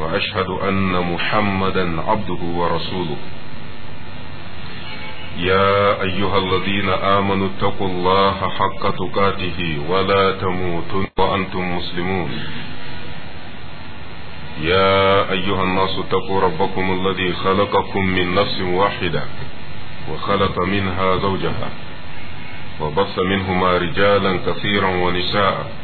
واشهد ان محمدا عبده ورسوله يا ايها الذين امنوا اتقوا الله حق تقاته ولا تموتن وانتم مسلمون يا ايها الناس اتقوا ربكم الذي خلقكم من نفس واحده وخلق منها زوجها وبث منهما رجالا كثيرا ونساء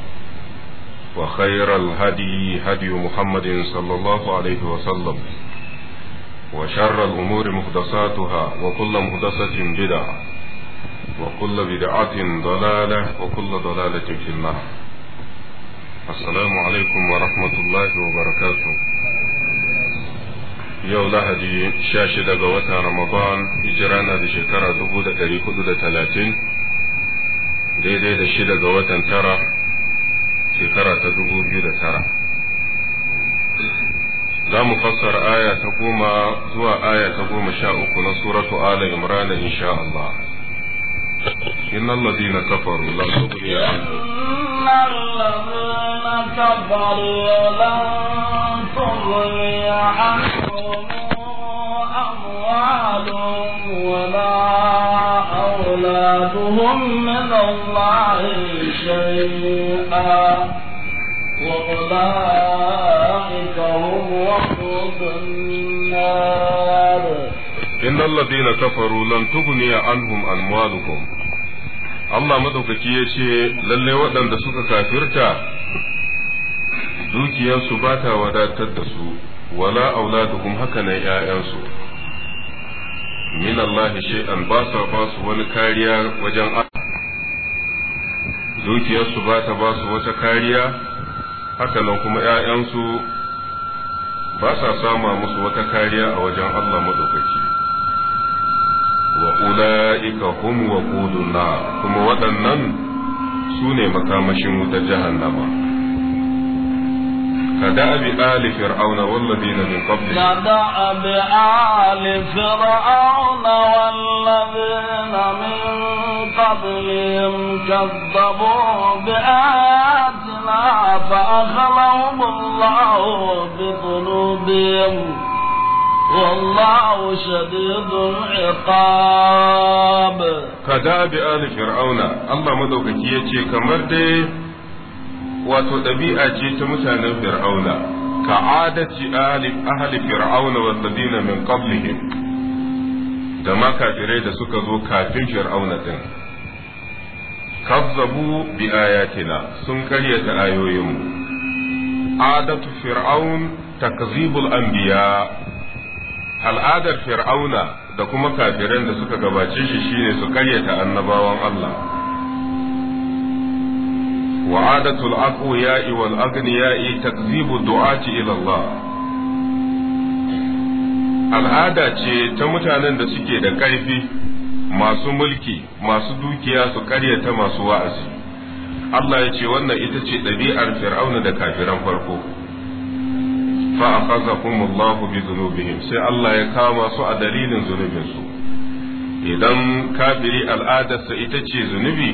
وخير الهدي هدي محمد صلى الله عليه وسلم وشر الأمور مهدساتها وكل مهدسة بدعة وكل بدعة ضلالة وكل ضلالة في النار السلام عليكم ورحمة الله وبركاته yau lahadi شاشة shida رمضان إجرانا ramadan hijira na da دي dubu da ɗari hudu shekara ta dubu biyu da tara za mu fassara aya ta goma zuwa aya ta goma sha uku na suratu ala imran insha Allah إن الذين كفروا لن تغني عنهم إن الذين كفروا لن تغني عنهم أموالهم ولا أولادهم من الله شيئا وأولئك هم وقود النار إن الذين كفروا لن تغني عنهم Allah madaukaki ya ce lalle waɗanda suka kafirta dukiyarsu ba ta wadatar da su wala auladuhum haka nan ‘ya'yansu, min Allah shay'an ba sa ba wani kariya wajen dukiyarsu ba ta ba su wata kariya, haka nan kuma ‘ya'yansu ba sa sama musu wata kariya a wajen Allah maɗaukaki. wa ula'ika hum wa kuma waɗannan su ne makamashin jihar jahannama. كدأب آل فرعون والذين من قبلهم كدأب آل فرعون والذين من قبلهم كذبوا بآياتنا فأخذهم الله بذنوبهم والله شديد العقاب كدأب آل فرعون الله مدوكك يجي كمرتي wato ɗabi'a ce ta mutanen fir'auna adaci ahli fir'auna walladina min qablihim da ma da suka zo kafin fir'auna din kazzabu bi ayatina sun karyata ayoyinmu adatu fir'aun takzibul anbiya al'adar fir'auna da kuma kafiran da suka gabace shi shine su karyata annabawan Allah وعادة الأقوياء والأغنياء تكذيب الدعاة إلى الله al'ada ce ta mutanen da suke da ƙarfi masu mulki masu dukiya su ta masu wa'azi Allah ya ce wannan ita ce ɗabi'ar fir'auna da kafiran farko fa akhazahumullahu bi dhunubihim sai Allah ya kama su a dalilin zunubinsu idan kafiri al'adarsa ita ce zunubi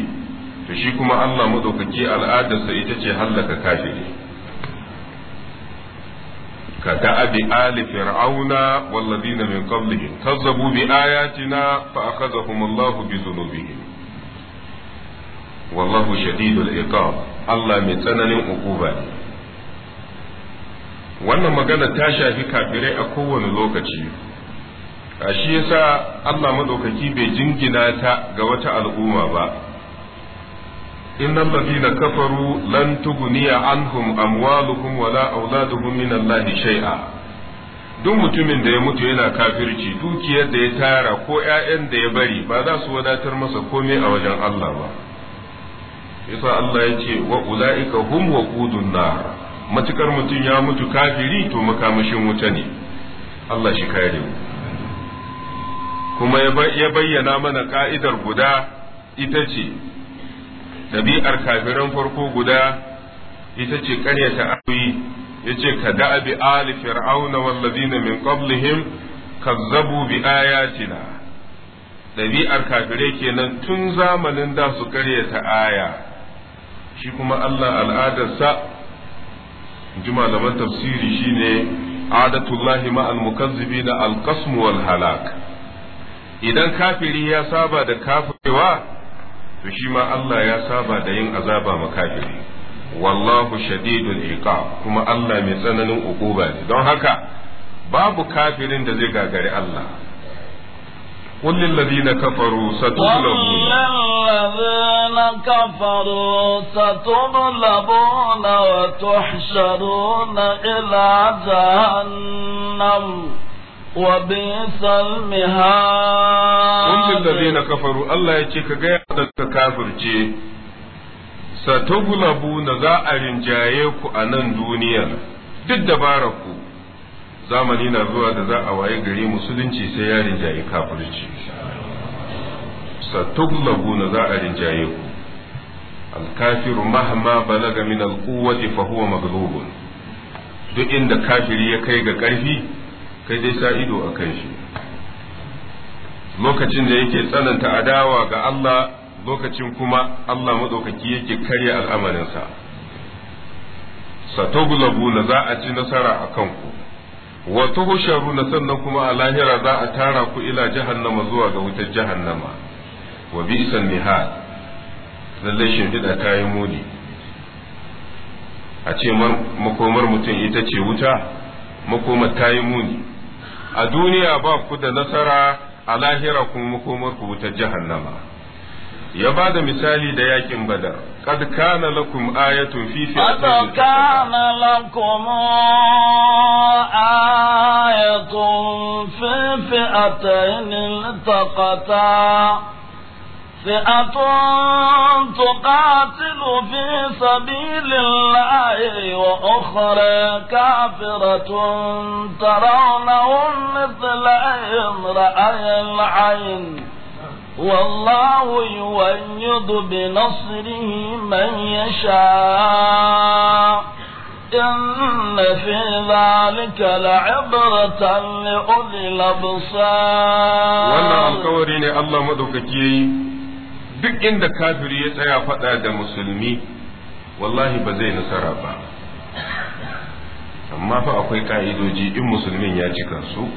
to shi kuma Allah madaukaki al'adarsa ita ce hallaka kafiri ka da'abi ali fir'auna wallazina min qablihim kazzabu bi ayatina fa akhadhahum Allahu bi dhunubihim wallahu shadidul iqab Allah mai tsananin ukuba wannan magana ta shafi kafirai a kowane lokaci a shi yasa Allah madaukaki bai jingina ta ga wata al'umma ba innal ladina kafaru lan tughniya anhum amwaluhum wala auladuhum min Allah shay'a duk mutumin da ya mutu yana kafirci dukiyar da ya tara ko yayan da ya bari ba za su wadatar masa komai a wajen Allah ba yasa Allah ya ce wa ulaika hum ƙudun nar matukar mutum ya mutu kafiri to makamashin wuta ne Allah shi kare mu kuma ya bayyana mana ka'idar guda ita ce ɗabi'ar kafiran farko guda ita ce ƙaryata Ya yace ka da'abi ali fir'auna wallazina min qablihim kazzabu bi ayatina ɗabi'ar kafirai kenan tun zamanin da su ƙaryata aya shi kuma Allah al'adarsa ji malaman tafsiri shine adatullahi ma al na al wal halak idan kafiri ya saba da kafirewa to shi ma Allah ya saba da yin azaba makafiri wallahu shadidul iqa, kuma Allah mai tsananin uku ne don haka babu kafirin da zai gagari Allah قل للذين كفروا ستغلبون الذين كفروا ستغلبون وتحشرون إلى جهنم وبئس المهاد قل للذين كفروا الله يجي كغايا دك كافرجي satugulabuna za a rinjaye a nan duniyar duk dabararku ku zamani na zuwa da za a waye gari musulunci sai ya rinjaye kafirci na za a rinjaye ku alkafiru mahma balaga min alquwwati fa huwa maghlubun duk inda kafiri ya kai ga karfi kai dai sa ido a kan shi lokacin da yake tsananta adawa ga Allah lokacin kuma Allah maɗaukaki yake karya al'amarinsa satogulabu na za a ci nasara a kanku wa tuhusharu na sannan kuma a lahira za a tara ku ila jahannama zuwa ga wutar jahannama wa bi isan Nihal, lallai shimfiɗa ta yi muni a ce makomar mutum ita ce wuta makomar ta yi muni a duniya ba ku da nasara a lahira kun makomar ku wutar jahannama ya ba da misali da yakin badar قد كان لكم آية في فئتين قد كان لكم آية في فئتين التقتا فئة تقاتل في سبيل الله وأخرى كافرة ترونهم مثلهم رأي العين والله يؤيد بنصره من يشاء إن في ذلك لعبرة لأولي الأبصار وانا القوري الله مدوكتي duk inda kafiri ya tsaya faɗa da musulmi wallahi ba zai nasara ba amma fa akwai ka'idoji in musulmin ya ci kansu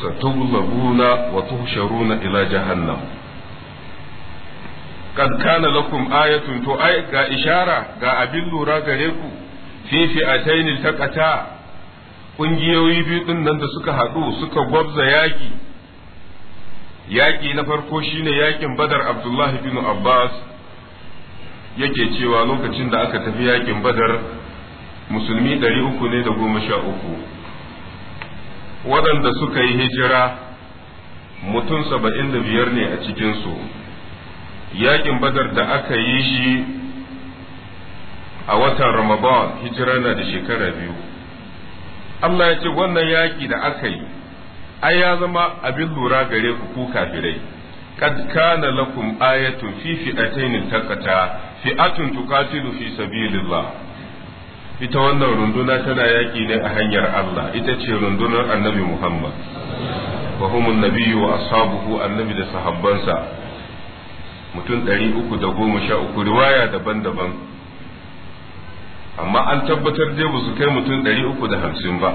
satughlabuna wa tuhsharuna ila jahannam kad kana lakum ayatun to ay ga ishara ga abin lura gare ku fi fi'atayn taqata kungiyoyi biyu din da suka haɗu suka gwabza yaki yaƙi na farko shine yaƙin badar abdullahi bin abbas yake cewa lokacin da aka tafi yaƙin badar musulmi ɗari uku ne da goma sha uku waɗanda suka yi hijira mutum saba'in da biyar ne a cikinsu yaƙin badar da aka yi shi a watan ramadan hijira na da shekara biyu Allah ya ce wannan yaƙi da aka yi ai ya zama abin lura gare ku ku kafirai kad kana lakum ayatu fi fi'atayn takata fi'atun tuqatilu fi sabilillah ita wannan runduna tana yaki ne a hanyar Allah ita ce rundunar Annabi Muhammad wa humun nabiyyu wa ashabuhu annabi da sahabbansa mutum ɗari riwaya daban-daban amma an tabbatar dai ba su kai mutum ɗari uku da hamsin ba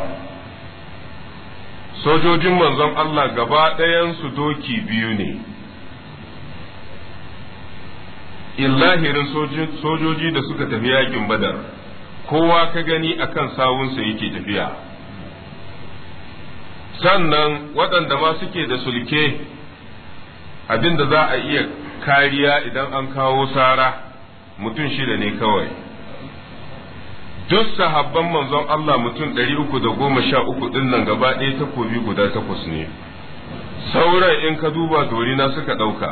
sojojin manzon Allah gaba ɗayansu doki biyu ne illahirin sojoji da suka tafi yakin badar kowa ka gani akan sawunsa yake tafiya sannan waɗanda ma suke da sulke abinda za a iya kariya idan an kawo sara mutum shida ne kawai duk sahabban manzon Allah mutum ɗari uku da goma sha uku ɗin nan gaba ɗaya takobi guda takwas ne sauran in ka duba dorina suka ɗauka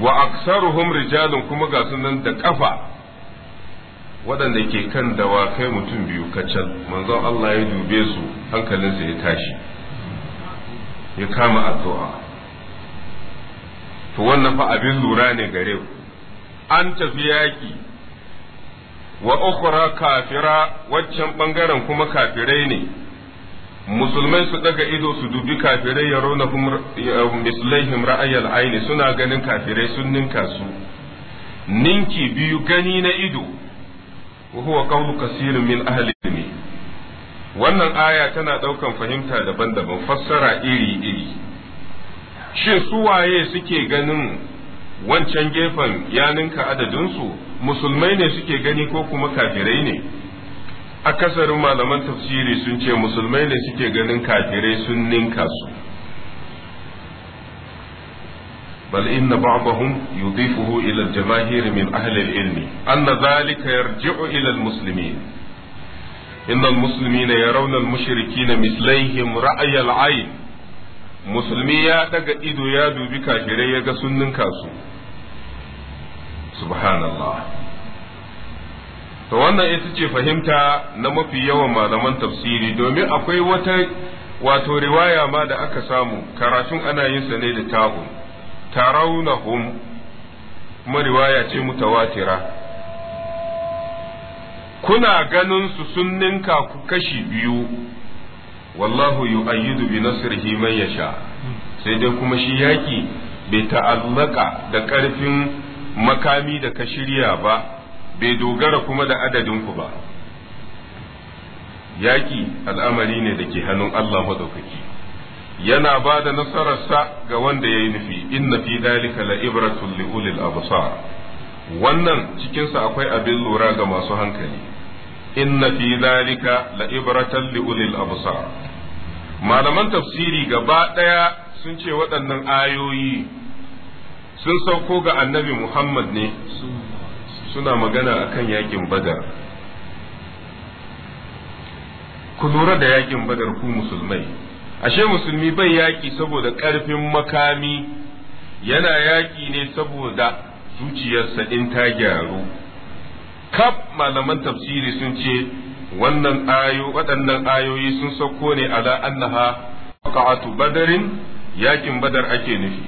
wa aksaruhum rijalun kuma ga sunan da ƙafa waɗanda ke kan dawakai mutum biyu kacal manzon Allah ya dube su hankalinsa ya tashi ya kama addu'a to wannan fa abin lura ne gare ku an tafi yaƙi wa ukhra kafira waccan bangaren kuma kafirai ne musulmai su daga ido su dubi kafirai ya rauna mislaihim ra'ayal aini suna ganin kafirai sun ninka su ninki biyu gani na ido wa huwa qawlu kasirin min ahli wannan aya tana daukan fahimta daban-daban fassara iri-iri shin su waye suke ganin wancan gefen ya ninka adadinsu musulmai ne suke gani ko kuma kafirai ne akasarin malaman tafsiri sun ce musulmai ne suke ganin kafirai sun ninka su bal inna ba'dahum yudifuhu ila al-jamaahir min ahli al-ilm anna ilal musulmi ila al-muslimin inna al-muslimina yarawna al-mushrikeena mislaihim ra'y al-'ayn musulmi ya daga ido ya dubi kafirai ya ga sunnin kasu subhanallah to wannan ita ce fahimta na mafi yawan malaman tafsiri domin akwai wata wato riwaya ma da aka samu karatun ana yin sa ne da tahu tarawnahum kuma riwaya ce mutawatira kuna ganin su sun ninka ku kashi biyu wallahu yu'ayyidu bi nasrihi man yasha sai dai kuma shi yaki bai ta'allaka da karfin makami da ka shirya ba bai dogara kuma da adadin ku ba yaki al'amari ne da ke hannun Allah madaukaki yana ba da nasararsa ga wanda ya yi nufi inna fi dalika la ibratun li ulil absar wannan cikinsa akwai abin lura ga masu hankali inna fi zalika la ibratan li ulil absar malaman tafsiri gaba daya sun ce waɗannan ayoyi sun sauko ga annabi Muhammad ne suna magana akan yakin badar ku lura da yakin badar ku musulmai ashe musulmi bai yaƙi saboda ƙarfin makami yana yaƙi ne saboda zuciyarsa in ta gyaru kaf malaman tafsiri sun ce wannan ayo waɗannan ayoyi sun sauko ne ala annaha waqa'atu badarin yakin badar ake nufi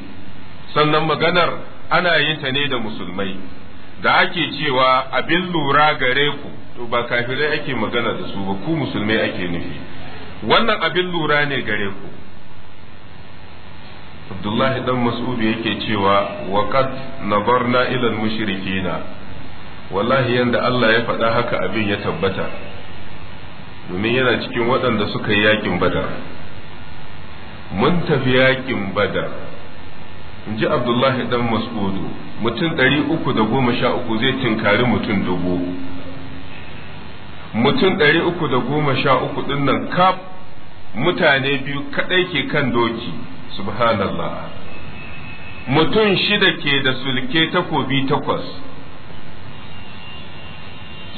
sannan maganar ana yin ta ne da musulmai da ake cewa abin lura gare ku to ba kafirai ake magana da su ba ku musulmai ake nufi wannan abin lura ne gare ku Abdullahi dan Mas'ud yake cewa waqad nabarna ila al-mushrikina wallahi yanda Allah ya faɗa haka abin ya tabbata domin yana cikin waɗanda suka yi yakin badar mun tafi yakin badar in ji abdullahi dan mas'udu mutum ɗari uku da goma sha uku zai tinkari mutum dubu mutum ɗari uku da goma sha uku ɗin nan kaf mutane biyu kaɗai ke kan doki subhanallah mutum shida ke da sulke takobi takwas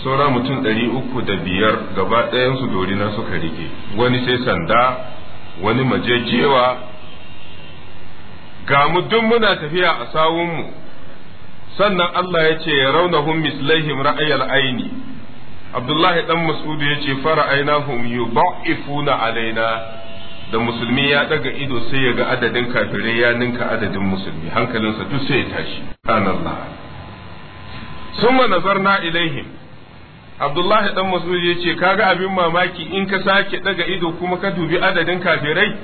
saura mutum ɗari uku da biyar gaba ɗayansu dorina suka rike wani sai sanda wani majejewa ga mu duk muna tafiya a sawunmu sannan Allah ya ce ya rauna hun mislaihim ra'ayal aini Abdullahi dan Mas'udu ya ce fara fara'ainahum yudha'ifuna alaina da musulmi ya daga ido sai ya ga adadin kafirai ya ninka adadin musulmi hankalinsa duk sai ya tashi subhanallah nazar nazarna ilaihim Abdullahi dan Mas'ud ya ce kaga abin mamaki in ka sake daga ido kuma ka dubi adadin kafirai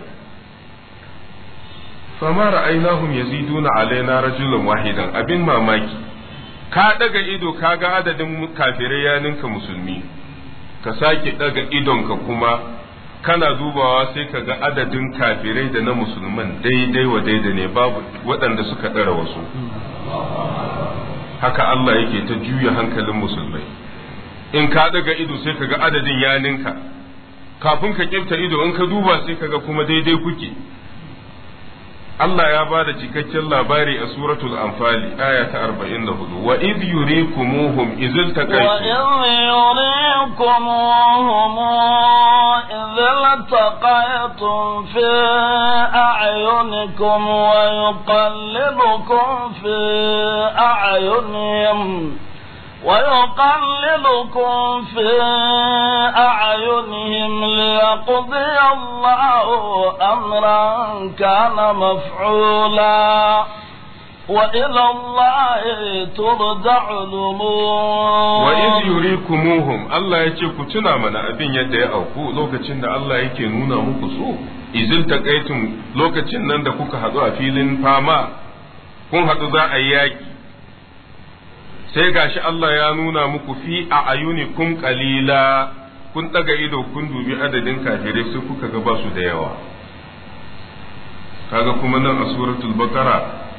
fama ra'aynahum yaziduna alaina rajulan wahidan abin mamaki ka daga ido kaga adadin kafirai ya ninka musulmi ka sake daga idonka kuma kana dubawa sai ka ga adadin kafirai da na musulman daidai wa daidai ne babu waɗanda suka ɗara wasu haka Allah yake ta juya hankalin musulmai in ka daga ido sai kaga adadin ya ninka kafin ka kifta ido in ka duba sai kaga kuma daidai kuke Allah ya ba da cikakken labari a suratul anfali aya ta 44 wa idh yurikumuhum idh taqaytum wa idh yurikumuhum idh taqaytum fi a'yunikum wa yuqallibukum fi a'yunihim ويقللكم في أعينهم ليقضي الله أمرا كان مفعولا وإلى الله ترجع الأمور وإذ يريكموهم الله يتيك تنا من أبين يدي أوكو لوكا تند الله يكي نونا مكسو إذ التقيتم لوكا تند كوكا هدو أفيل فاما كون هدو ذا أياكي sai gashi Allah ya nuna muku fi a ayuni kun kalila kun daga ido kun dubi adadin kafirai sai kuka ga basu da yawa kaga kuma nan a suratul bakara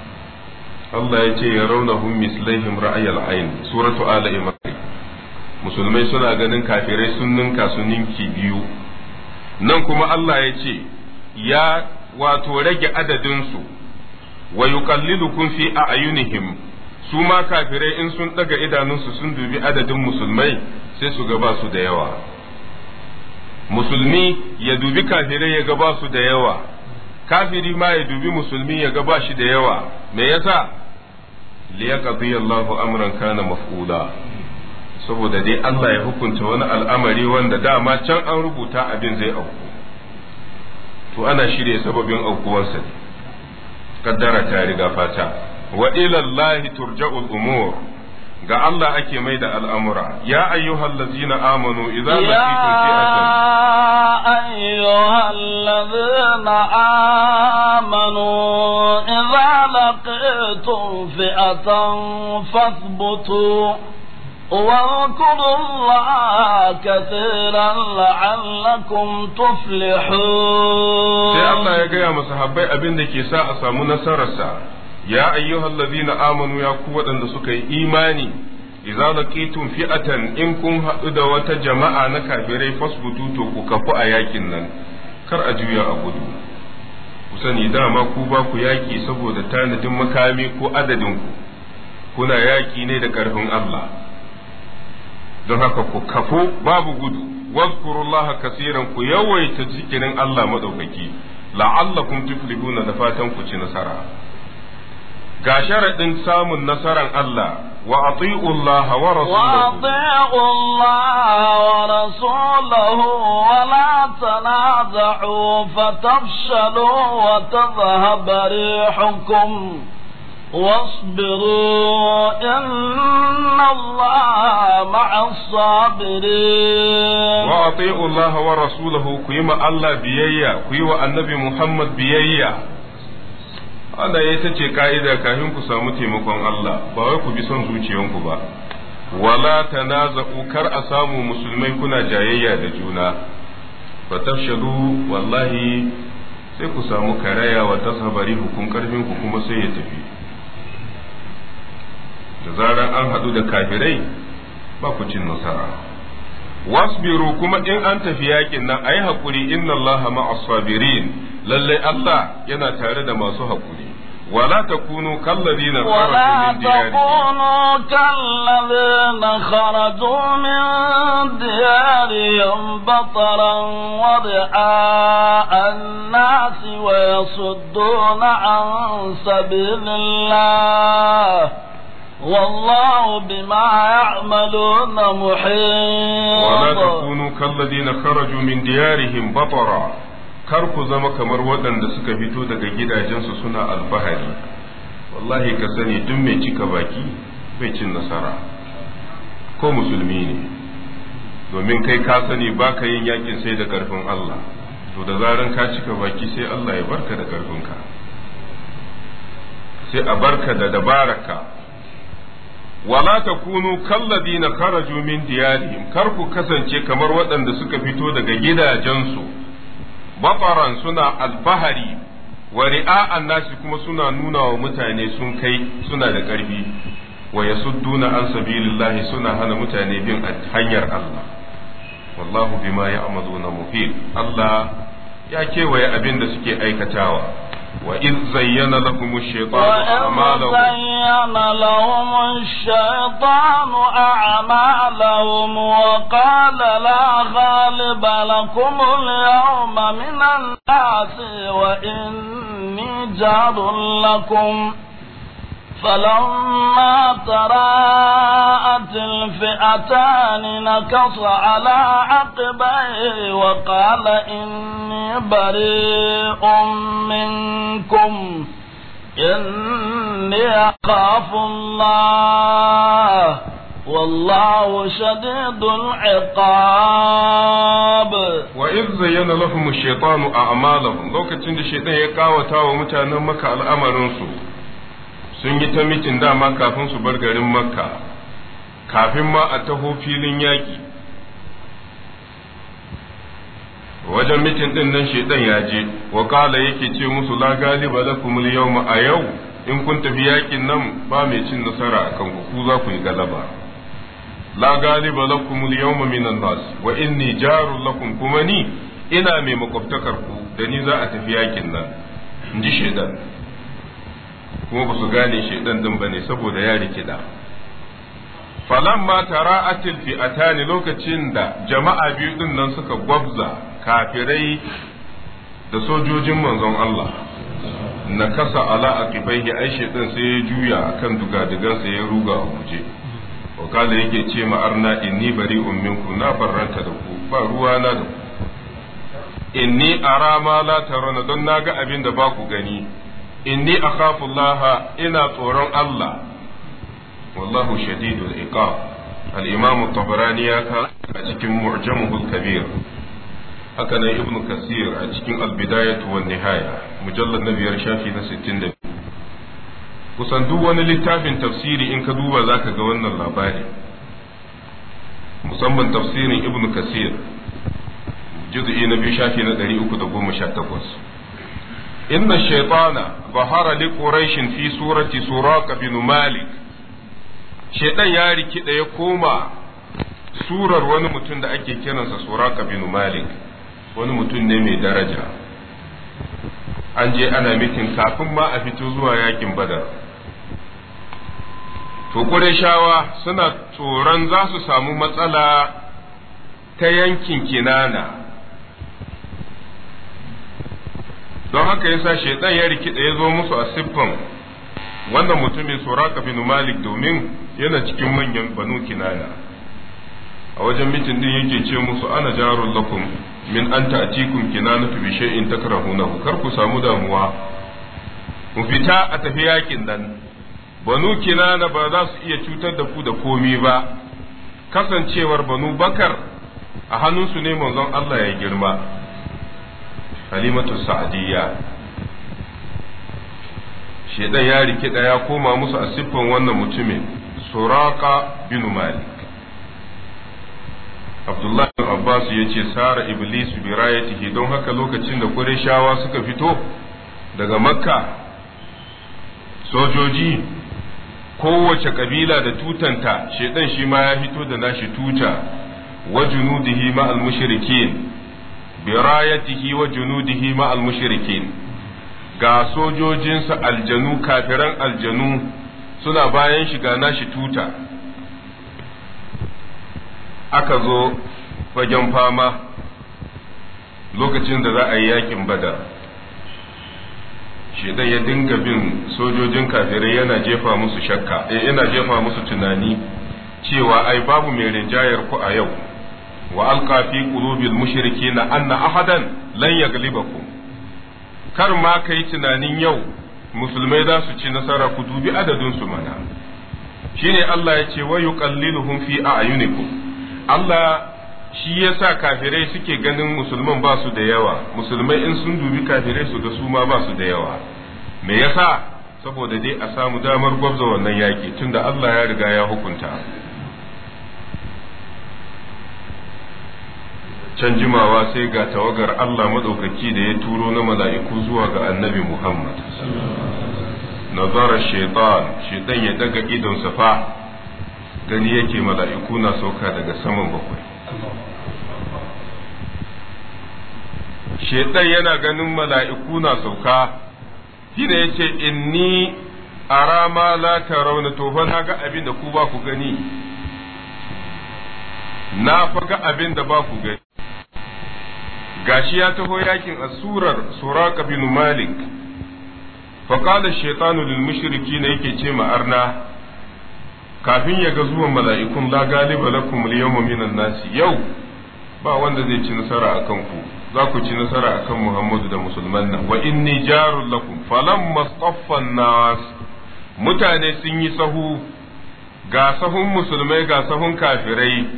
Allah ya ce ya raunahum mislaihim ra'ayal ayn suratu ala imran musulmai suna ganin kafirai sun ninka su ninki biyu nan kuma Allah ya ce ya wato rage adadinsu wa yuqallilukum fi a'yunihim su ma kafirai in sun ɗaga idanunsu sun dubi adadin musulmai sai su gaba su da yawa musulmi ya dubi kafirai ya gaba su da yawa kafiri ma ya dubi musulmi ya gaba shi da yawa me yasa liyaqdi Allahu amran kana maf'ula saboda dai Allah ya hukunta wani al'amari wanda dama can an rubuta abin zai auku to ana shirya sababin aukuwarsa ne kaddara ta riga fata wa ila Allah turja'ul umur ga Allah ake mai da al'amura, ya ayyuhal lazina amanu idan lafiƙun fi'atan. Ya ayyuhal amanu idan fi'atan fasbutu. واذكروا الله كثيرا لعلكم تفلحون. يا الله يا gaya صحابي أبين da ke sa a samu ya ayyuhal na amanu ya ku waɗanda suka yi imani idza laqitum fi'atan in kun haɗu da wata jama'a na kafirai fasbutu to ku kafu a yakin nan kar a juya a gudu ku sani dama ku ba ku yaki saboda tanadin makami ko adadin ku kuna yaki ne da ƙarfin Allah don haka ku kafu babu gudu wazkurullaha kasiran ku yawaita zikirin Allah madaukaki la'allakum tuflihuna da fatan ku ci nasara كشرطن سام النصر الله وأطيعوا الله ورسوله وأطيعوا الله ورسوله ولا تنازعوا فتفشلوا وتذهب ريحكم واصبروا إن الله مع الصابرين وأطيعوا الله ورسوله كيما الله بيايا كيما النبي محمد بيايا Allah ya ce ka'ida kafin ku samu taimakon Allah ba wai ku bi son zuciyanku ba wala tanaza'u kar a samu musulmai kuna jayayya da juna fa tafshadu wallahi sai ku samu karaya wa tasabari hukun karfin ku kuma sai ya tafi da zarar an hadu da kafirai ba ku cin nasara wasbiru kuma in an tafi yakin nan ayi hakuri inna allaha ma'as sabirin lallai Allah yana tare da masu haƙuri ولا تكونوا كالذين ولا تكونوا كالذين خرجوا من ديارهم بطرا ورئاء الناس ويصدون عن سبيل الله والله بما يعملون محيط ولا تكونوا كالذين خرجوا من ديارهم بطرا kar ku zama kamar waɗanda suka fito daga gidajensu suna alfahari wallahi ka sani duk mai cika baki bai cin nasara ko musulmi ne domin kai ka sani ba ka yin yakin sai da ƙarfin Allah to da zaran ka cika baki sai Allah ya barka da ƙarfinka sai a barka da dabararka wala takunu kalladina kharaju min diyarihim kar ku kasance kamar waɗanda suka fito daga gidajensu bataran suna albahari wa ri'a'an nasi kuma suna nuna wa mutane sun kai suna da ƙarfi wa yasudduna an sabilillahi suna hana mutane bin hanyar Allah wallahu bima na muhit Allah ya kewaye abin da suke aikatawa وإذ زين لهم الشيطان أعمالهم زين لهم الشيطان أعمالهم وقال لا غالب لكم اليوم من الناس وإني جار لكم فلما تراءت الفئتان نكص على عقبيه وقال إني بريء منكم إني أخاف الله والله شديد العقاب وإذ زين لهم الشيطان أعمالهم لو كنت الشيطان يقاوتا ومتانا نمك الأمر نصر sun yi ta mitin dama kafin su bar garin makka kafin ma a taho filin yaƙi wajen mitin ɗin nan shaidan ya je wa yake ce musu la galiba lakum yawma a yau in kun tafi yaƙin nan ba mai cin nasara akan ku za ku yi galaba la galiba lakum yawma minan nas wa inni jaru lakum kuma ni ina mai makwabtakar ku da ni za a tafi yaƙin nan in ji shaidan kuma ba su gane ɗin ba bane saboda ya rikida falamma tara'atil ne lokacin da jama'a biyu din nan suka gwabza kafirai da sojojin manzon Allah na kasa ala aqibaihi ai din sai ya juya akan dugadugan sai ya ruga a guje wa kala yake ce ma arna inni bari umminku na ranka da ku ba ruwa na da ku inni ara ma la tarana don naga abin da ba ku gani inni akhafullaha ina tsoron Allah wallahu shadidul iqab al-imam tabarani ya ka a cikin mu'jamul kabir haka nan ibnu kasir a cikin al-bidayatu wan nihaya mujallad na biyar shafi na 62 kusan duk wani littafin tafsiri in ka duba zaka ga wannan labari musamman tafsirin Ibn kasir juz'i na biyu shafi na 318 inna shaytana bahara li quraishin fi surati suraka bin malik shaytan ya rikida ya koma surar wani mutum da ake kiransa suraka bin malik wani mutum ne mai daraja an je ana mitin kafin ma a fito zuwa yakin badar to shawa suna tsoron za su samu matsala ta yankin kinana don haka yasa shaitan ya rikida ya zo musu a siffan wannan mutumin suraka bin malik domin yana cikin manyan banu kinana a wajen mitin din yake ce musu ana jarun lakum min an ta'tikum kinanatu bi shay'in takrahunahu kar ku samu damuwa ku fita a tafi yakin nan banu kinana ba za su iya cutar da ku da komi ba kasancewar banu bakar a hannunsu ne manzon Allah ya girma halimatu sa'adiyya shedan ya rikida ya koma musu a siffan wannan mutumin suraka bin malik abdullahi bin abbas ya ce sara iblis bi rayatihi don haka lokacin da shawa suka fito daga makka sojoji kowace kabila da tutanta shedan shi ma ya fito da nashi tuta wa junudihi ma al mushrikin birayatihi wa junudihi ma al-mushrikin ga sojojinsa aljanu kafiran aljanu suna bayan shiga nashi tuta aka zo fagen fama lokacin da za a yi yakin badar shedan ya dinga bin sojojin kafirai yana jefa musu shakka eh, yana jefa musu tunani cewa ai babu mai rinjayar ku a yau wa alqa fi qulubil mushrikin anna ahadan lan yaglibakum kar ma kai tunanin yau musulmai za su ci nasara ku dubi adadin su mana shine Allah ya ce wa yuqalliluhum a a'yunikum Allah shi yasa kafirai suke ganin musulman ba su da yawa musulmai in sun dubi kafirai su ga su ma ba su da yawa me yasa saboda dai a samu damar gwabza wannan yaki tunda Allah ya riga ya hukunta can jimawa sai ga tawagar Allah maɗaukaki da ya turo na mala'iku zuwa ga annabi Muhammad. Nazara shaitan, shaitan ya daga idon safa gani yake mala'iku na sauka daga saman bakwai. Shaitan yana ganin mala'iku na sauka, shi ya ce, Inni a ma la ta rauna na ga abin da ku ba ku gani, na faga abin da ba ku gani. gashi ya taho yakin asurar suraka bin malik faƙala shaitanu lil mushriki na yake ce ma'arna kafin ya ga zuwan mala'ikun la galiba lakum al yawma minan nasi yau ba wanda zai ci nasara akan ku za ku ci nasara akan Muhammadu da musulman nan wa inni jarul lakum falamma saffan nas mutane sun yi sahu ga sahun musulmai ga sahun kafirai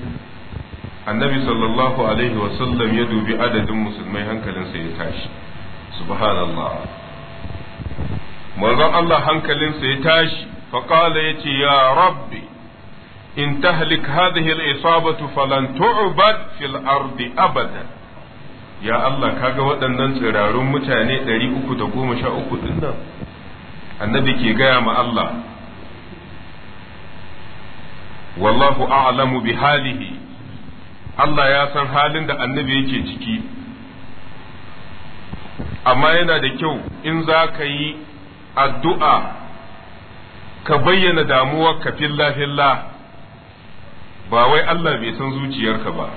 annabi sallallahu alaihi wasallam ya dubi adadin musulmai hankalinsa ya tashi subhanallah manzon Allah hankalinsa ya tashi faƙala ya ce ya rabbi in tahlik hadhihi al-isabatu falan tu'bad fil ardi abada ya Allah kaga waɗannan tsirarun mutane 313 din nan annabi ke gaya ma Allah wallahu a'lamu bi halihi Allah ya san halin da annabi yake ciki amma yana da kyau in za ka yi addu'a ka bayyana damuwar ka filla-filla ba wai Allah bai san zuciyarka ba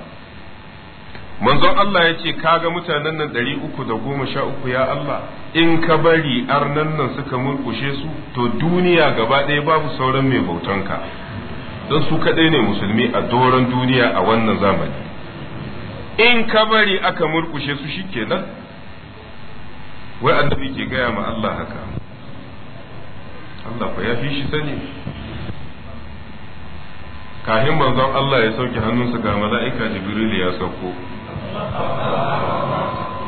manzon Allah ya ce kaga mutanen nan ɗari uku da goma sha uku ya Allah in ka bari arnan nan suka murkushe su to duniya gaba ɗaya babu sauran mai bautanka. ka don su kaɗai ne musulmi a doron duniya a wannan zamani in ka bari aka murkushe su shikenan wai annabi ke gaya ma Allah haka Allah ku ya fi shi sani kahin manzon Allah ya sauke hannunsa ga mala'ika Jibril ya sauko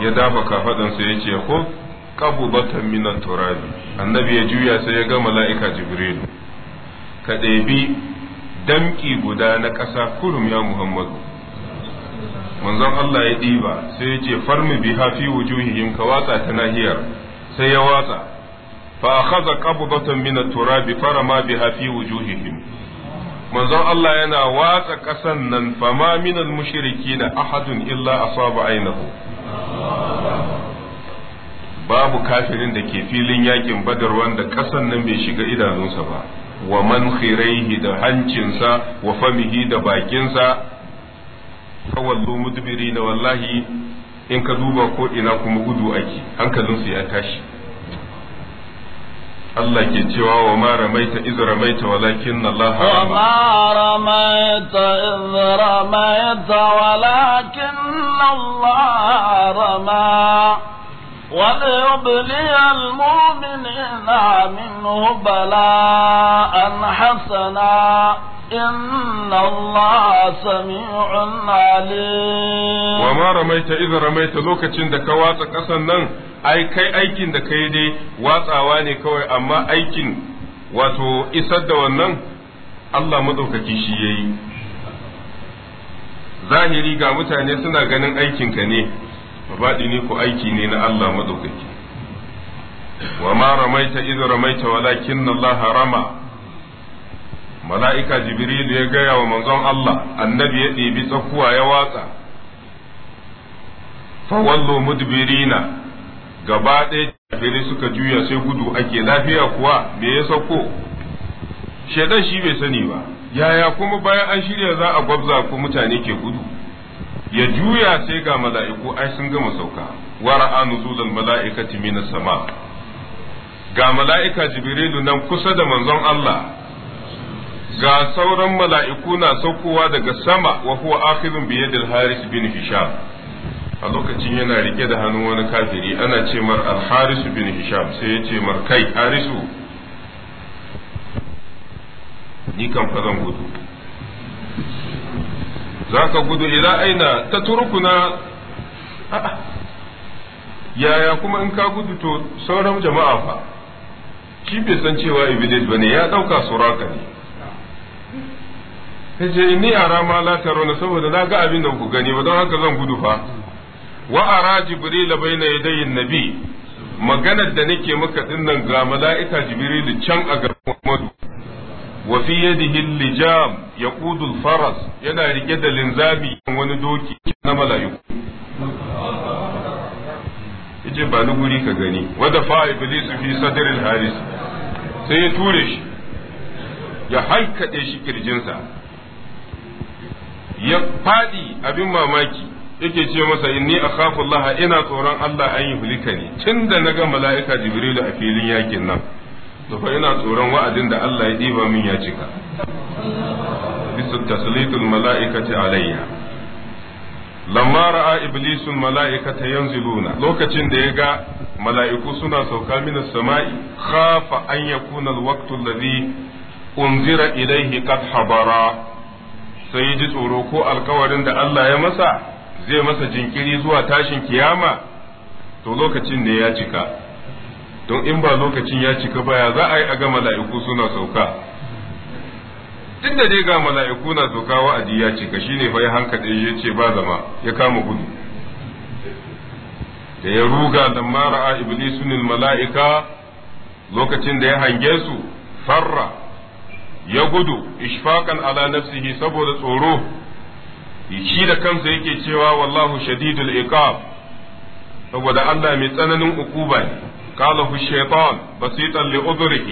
ya dafa kafadansa ya ce ko qabdatan min turabi annabi ya juya sai ya ga mala'ika Jibril ka ɗebi damki guda na ƙasa kurum ya Muhammadu manzon Allah ya ɗiba sai ya ce farmi biha fi wujuhihim ka watsa ta nahiyar sai ya watsa fa akhadha qabdatan min at-turabi farama biha fi wujuhihim manzon Allah yana watsa ƙasan nan fama min al-mushrikin ahadun illa asaba ainahu babu kafirin da ke filin yakin badar wanda ƙasan nan bai shiga idanunsa ba wa mankhiraihi da hancinsa wa famihi da bakinsa fawallu mudbiri na wallahi in ka duba ko ina kuma gudu ake hankalinsu ya tashi Allah ke cewa wa ma ramaita iz ramaita walakin Allah wa ma ramaita iz ramaita walakin Allah rama وليبلي المؤمنين منه بلاء حسنا إن الله سميع عليم وما رميت إذا رميت لوكا تشندك واتك أصلا أي كي أيكين دكي دي واتعواني كوي أما أي أيكين واتو إسد ونن الله مدوك shi ظاهري zahiri ga mutane suna ganin aikinka ne ne ku aiki ne na Allah madaukaki wa ma ramaita idh ramaita walakin Allah rama mala'ika jibril ya gaya wa manzon Allah annabi ya ɗebi tsakuwa ya watsa fawallo mudbirina gaba ɗaya suka juya sai gudu ake lafiya kuwa me ya sauko shaidan shi bai sani ba yaya kuma bayan an shirya za a gwabza ko mutane ke gudu ya juya sai ga mala'iku ai sun gama sauka wa ra'a mala'ikati minas sama ga mala'ika jibrilu nan kusa da manzon Allah ga sauran mala'iku na saukowa daga sama wa huwa akhirun bi yadil haris bin hisham a lokacin yana rike da hannun wani kafiri ana ce mar al-haris bin hisham sai ya ce mar kai harisu ni kan fa gudu za ka gudu ila aina ta turkuna yaya kuma in ka gudu to sauran jama'a fa shi bai san cewa ibidis ba ne ya ɗauka suraka ne ta ce ara ma la saboda na ga abin da ku gani ba don haka zan gudu fa wa ara jibrila baina yadayi nabi maganar da nake maka dinnan ga mala'ika jibrilu can a garin Muhammadu wa fi yadihi lijam yaqudu faras yana rike da linzami wani doki na mala'iku yace ba ni guri ka gani wada fa iblis fi sadr al sai ya ture shi ya hankade shi kirjinsa ya fadi abin mamaki yake ce masa in ni a kafin Allah ina tsoron Allah an yi hulika ne tunda ga mala'ika Jibrilu a filin yakin nan to fa ina tsoron wa'adin da Allah ya diba min ya cika bisu taslitul mala'ikati alayya lamma ra'a iblisul mala'ikata yanziluna lokacin da ya ga mala'iku suna sauka min samai khafa an yakuna alwaqtu alladhi unzira ilayhi qad habara sai ji tsoro ko alkawarin da Allah ya masa zai masa jinkiri zuwa tashin kiyama to lokacin da ya cika don in ba lokacin ya cika baya za a yi a ga mala'iku suna sauka duk da dai ga mala'iku na sauka wa'adi ya cika shine fa ya hankali ya ce ba zama ya kama gudu da ya ruga da mara'a iblisunil mala'ika lokacin da ya hange su farra ya gudu ishfaqan ala nafsihi saboda tsoro shi da kansa yake cewa wallahu shadidul iqab saboda Allah mai tsananin ukuba ne قاله الشيطان بسيطا لأذره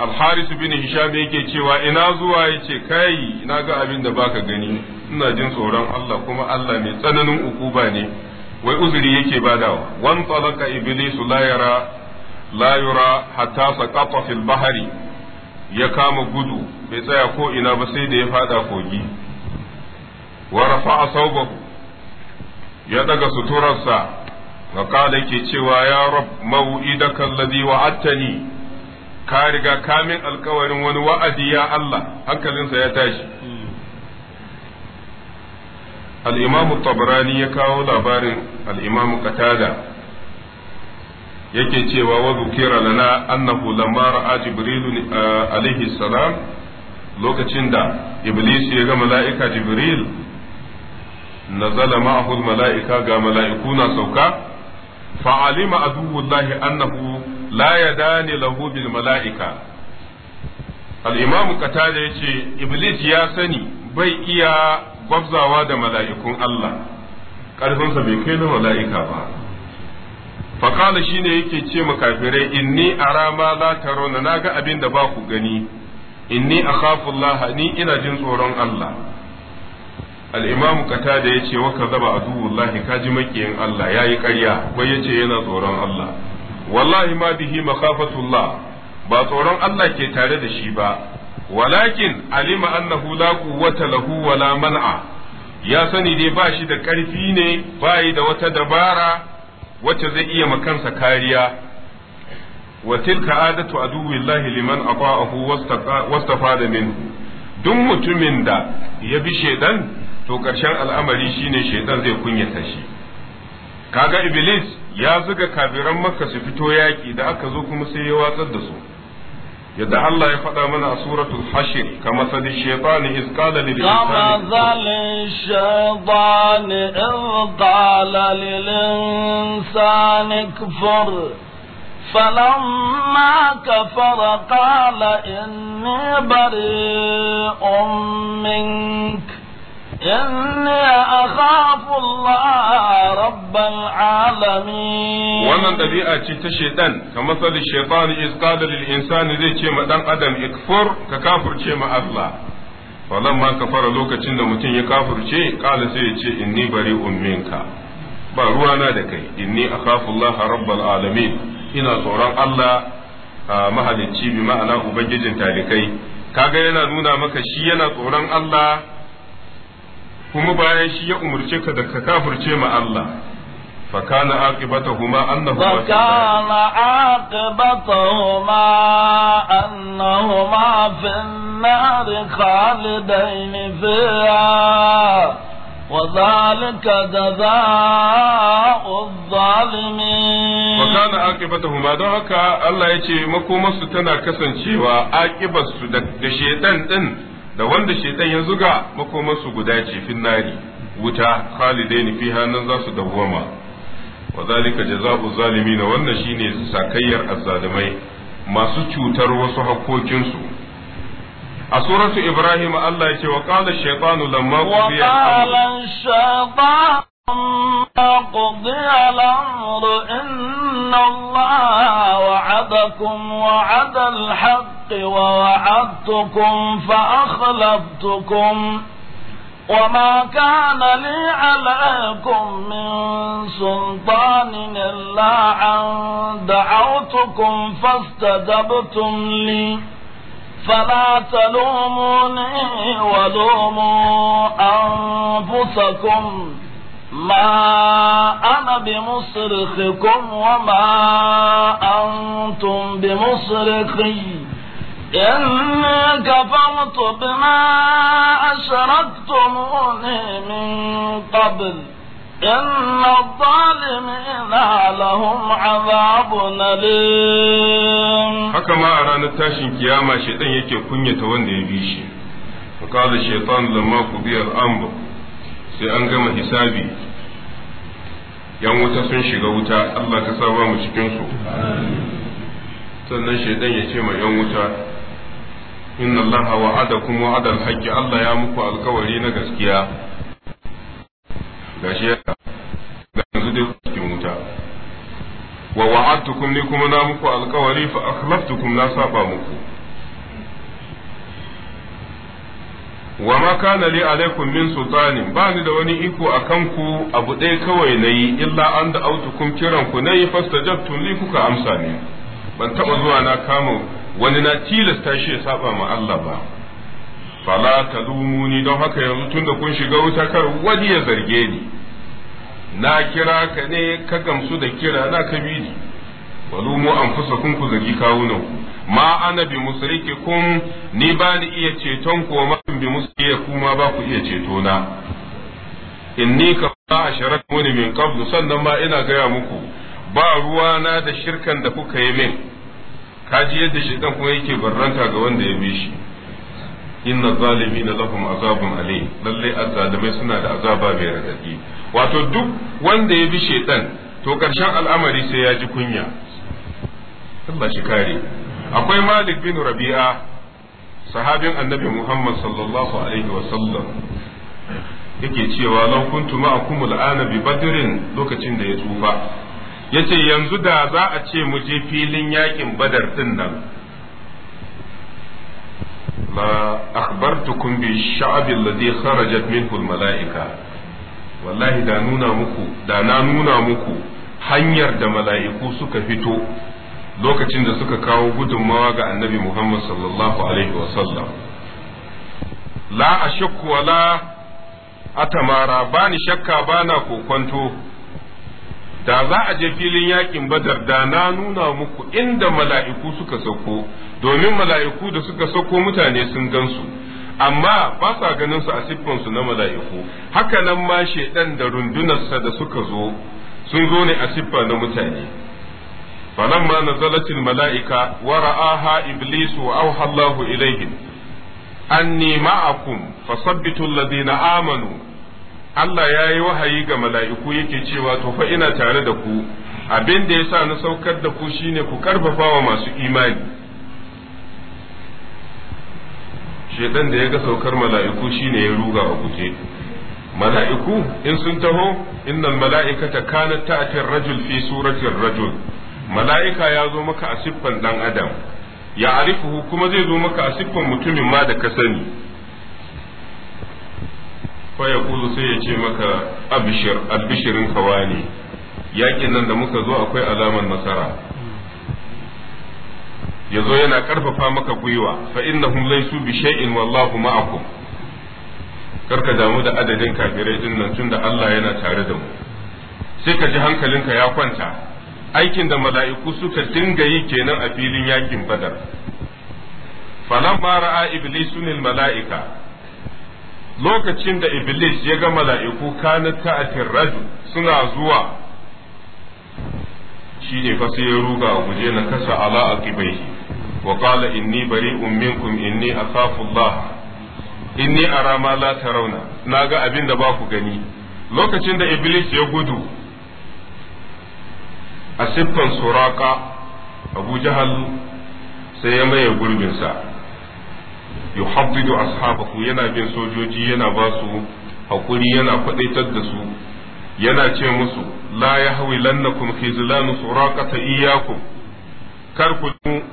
الحارث بن هشام yake cewa ina zuwa yace kai ina ga abin da baka gani ina jin tsoron Allah kuma Allah mai tsananin ukuba ne wai uzuri yake badawa wan talaka iblisu la yara la yura hatta saqata fil bahri ya kama gudu bai tsaya ko ina ba sai da ya fada kogi wa rafa'a sawbahu ya daga suturarsa wa qala yake cewa ya rab mau'idaka alladhi wa'adtani ka riga kamin alkawarin wani wa'adi ya Allah hankalinsa ya tashi al-imamu tabrani ya kawo labarin al-imamu qatada yake cewa wa zukira lana annahu lamma ra'a jibril alaihi salam lokacin da iblis ya ga mala'ika jibril nazala ma'ahu mala'ika ga mala'iku na sauka فعلم عدو annahu أنه لا يدان له بالملائكة الإمام قتادة يقول إبليس يا سني بي إيا gwabzawa da mala'ikun Allah ƙarfinsa bai kai na mala'ika ba faƙala shi ne yake ce makafirai inni a rama za ta rauna na ga abin da baku gani inni a laha ni ina jin tsoron Allah al-imam qatada yace wa kadzaba aduwullahi kaji makiyin Allah Ya yayi ƙarya ko yace yana tsoron Allah wallahi ma bihi makhafatullah ba tsoron Allah ke tare da shi ba walakin alima annahu la quwwata lahu wala Mana'a. ya sani dai ba shi da ƙarfi ne ba yi da wata dabara wacce zai iya ma kansa kariya wa tilka adatu aduwillahi liman ata'ahu wastafada minhu duk mutumin da ya bi shaidan. to ƙarshen al'amari shine shaitan zai kunyata shi kaga iblis ya zuga kafiran makka su fito yaki da aka zo kuma sai ya watsar da su yadda Allah ya faɗa mana a suratul hashir kama sadin shaitani iz qala lil insani zalin shaitani qala lil insani kfur فلما كفر قال إني بريء منك inni akhafu Allah rabban alamin wannan dabi'a ce ta shaytan kamar sali shaytan iz qala lil insani zai ce ma dan adam ikfur ka kafirce ma Allah falan ma kafara lokacin da mutum ya kafirce kala sai ya ce inni bari'un minka ba na da kai inni akhafu Allah rabban alamin ina tsoron Allah mahalicci bi ma'ana ubangijin talikai kaga yana nuna maka shi yana tsoron Allah kuma bayan shi ya umarce ka da ka kafirce ma Allah فكان عاقبتهما أنهما فكان عاقبتهما أنهما في النار خالدين فيها وذلك جزاء الظالمين وكان عاقبتهما don haka Allah ya ce makomarsu tana kasancewa aƙibarsu da shaitan ɗin da wanda shaitan ya zuga makomarsu guda ce nari wuta khalidaini fiha nan za su dawwama wa zalika jazaa'u zalimin wannan shine sakayyar azzalimai masu cutar wasu hakokinsu a suratu ibrahim Allah ya ce wa qala shaytanu lamma أقضي الأمر إن الله وعدكم وعد الحق ووعدتكم فأخلفتكم وما كان لي عليكم من سلطان إلا أن دعوتكم فاستجبتم لي فلا تلوموني ولوموا أنفسكم ما أنا بمصرخكم وما أنتم بمصرخي إني كفرت بما أشركتموني من قبل إن الظالمين لهم عذاب أليم حكما أرانا تاشن كياما شيطان يكي كنية وندي بيشي فقال الشيطان لما قضي الأمر sai an gama hisabi yan wuta sun shiga wuta Allah ka saba mu cikinsu. sannan shaidan ya ce ma yan wuta inna Allah wa'adakum wa'adal haqqi Allah ya muku alkawari na gaskiya gashi ya yanzu dai cikin wuta wa wa'adtukum ni kuma na muku alkawari fa akhlaftukum na saba muku wa ma kana li alaikum min sultanin ba ni da wani iko a kanku abu ɗaya kawai na yi illa an da autu kun kiran ku na yi fastajabtum li kuka amsa ni ban taɓa zuwa na kama wani na tilasta shi ya saba ma Allah ba fala don haka yanzu tun da kun shiga wuta kar wani ya zarge ni na kira ka ne ka gamsu da kira na ka bi ni walumu kun ku zargi kawunanku ma ana bi kun ni ba ni iya ceton ku bi musu kuma ba ku iya ceto na inni ka ba a sharar wani min qablu sannan ma ina gaya muku ba ruwa na da shirkan da kuka yi min kaji yadda dan kuma yake barranta ga wanda ya bi shi inna zalimi na lahum azabun ale lallai azalimai suna da azaba mai radadi wato duk wanda ya bi shaitan to karshen al'amari sai ya ji kunya Allah shi kare akwai Malik bin Rabi'a sahabin annabi Muhammad sallallahu alaihi wasallam yake cewa lau kuntu ma'akum al'ana bi badrin lokacin da ya tsufa yace yanzu da za a ce mu je filin yakin badar din nan la akhbartukum bi shaab alladhi kharajat minhu al-mala'ika wallahi da nuna muku da na nuna muku hanyar da mala'iku suka fito lokacin da suka kawo gudunmawa ga annabi Muhammad sallallahu alaihi wasallam la ashakku wala atamara ba ni shakka ba na kokonto da za a je filin yakin badar da na nuna muku inda mala'iku suka sauko domin mala'iku da suka sauko mutane sun gansu amma ba sa ganin su a siffansu na mala'iku haka nan ma shaidan da rundunarsa da suka zo sun zo ne a siffa na mutane فلما نزلت الملائكة ورآها إبليس وأوحى الله إليهم أني معكم فثبتوا الذين آمنوا Allah ya yi wahayi ga mala'iku yake cewa to fa ina tare da ku abin da ya sa na saukar da ku shine ku karfafa wa masu imani shaidan da ya ga saukar mala'iku shine ya ruga a guje mala'iku in sun taho innan mala'ikata kanat ta'tir rajul fi suratin rajul mala'ika ya zo maka a siffan dan adam ya arifuhu kuma zai zo maka a siffan mutumin ma da ka sani fa ya sai ya ce maka albishirin kawa ne yakin nan da muka zo akwai alamar nasara ya zo yana karfafa maka gwiwa fa innahum laysu bi shay'in wallahu ma'akum karka damu da adadin kafirai din nan tunda Allah yana tare da mu sai ka ji hankalinka ya kwanta aikin da mala'iku suka dinga yi kenan a filin yakin badar falamma ra'a iblisunil mala'ika lokacin da iblis ya ga mala'iku kanat ta'atir rajul suna zuwa shi ne fa sai ya ruga a guje na kasa ala aqibai wa qala inni bari'un minkum inni akhafu Allah inni ara ma la tarawna naga abin da ba ku gani lokacin da iblis ya gudu a siffan suraka abu jahal sai ya maye gurbinsa da ashabahu yana bin sojoji yana ba su hakuri yana faɗaitar da su yana ce musu la hawi lannakum khizlanu suraqata iyyakum kar ku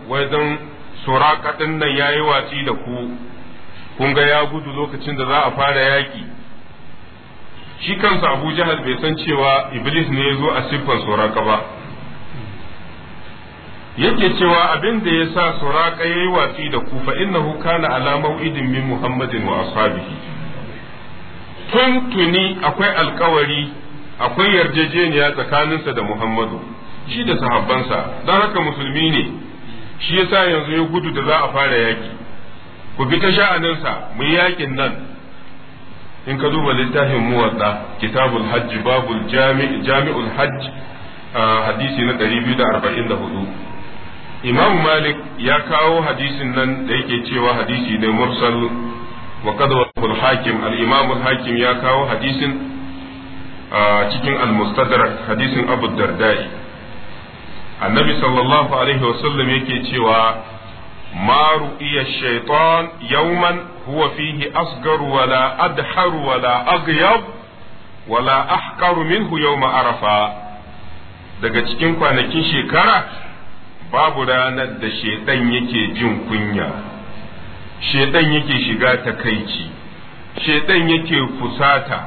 wajen suraka din nan yayi watsi da ku kun ga ya gudu lokacin da za a fara yaki shi kansa Abu Jahal bai san cewa Iblis ne ya zo a siffan suraka ba yake cewa abin da ya sa suraka ya yi watsi da ku fa hu kana ala mau'idin min muhammadin wa ashabihi tuni akwai alkawari akwai yarjejeniya tsakaninsa da muhammadu shi da sahabbansa don haka musulmi ne shi yasa yanzu ya gudu da za a fara yaki ku bi ta sha'aninsa mu yi yakin nan in ka duba littafin muwadda kitabul hajj babul jami'ul hajj ah, hadisi na 244 imam malik ya kawo hadisin nan da yake cewa hadisi ne mursal wa kadawul hakim al ya kawo hadisin cikin al hadisin abu dardai annabi sallallahu alaihi yake cewa ما رؤي الشيطان يوما هو فيه أصغر ولا أدحر ولا أغيب ولا أحقر منه يوم عرفة daga cikin kwanakin shekara babu ranar da shedan yake jin kunya shedan yake shiga takaici shedan yake fusata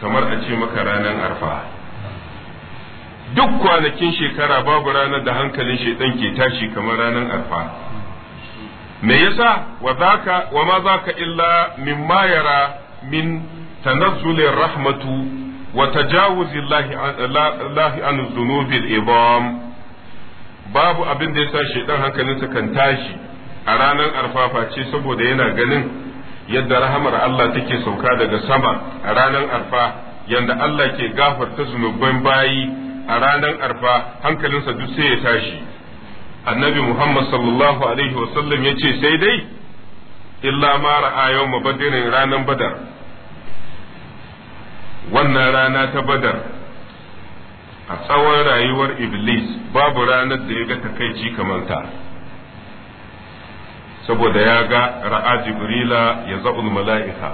kamar a ce maka ranar arfa duk kwanakin shekara babu ranar da hankalin shedan ke tashi kamar ranar arfa me yasa wa zaka wa ma zaka illa mimma yara min tanazzulir rahmatu wa tajawuzillahi an dhunubil ibam babu abin da ya sa shaidan hankalinsa kan tashi a ranar arfafa ce saboda yana ganin yadda rahamar Allah take sauka daga sama a ranar arfa yadda Allah ke gafarta zunuban bayi a ranar arfa hankalinsa duk sai ya tashi annabi Muhammad sallallahu alaihi wasallam ya ce sai dai illa ma ra'a yau mabadirin ranar badar wannan rana ta badar a tsawon rayuwar iblis babu ranar da ya ga takaici kamar ta saboda ya ga ra'a jibrila ya za'ul mala'ika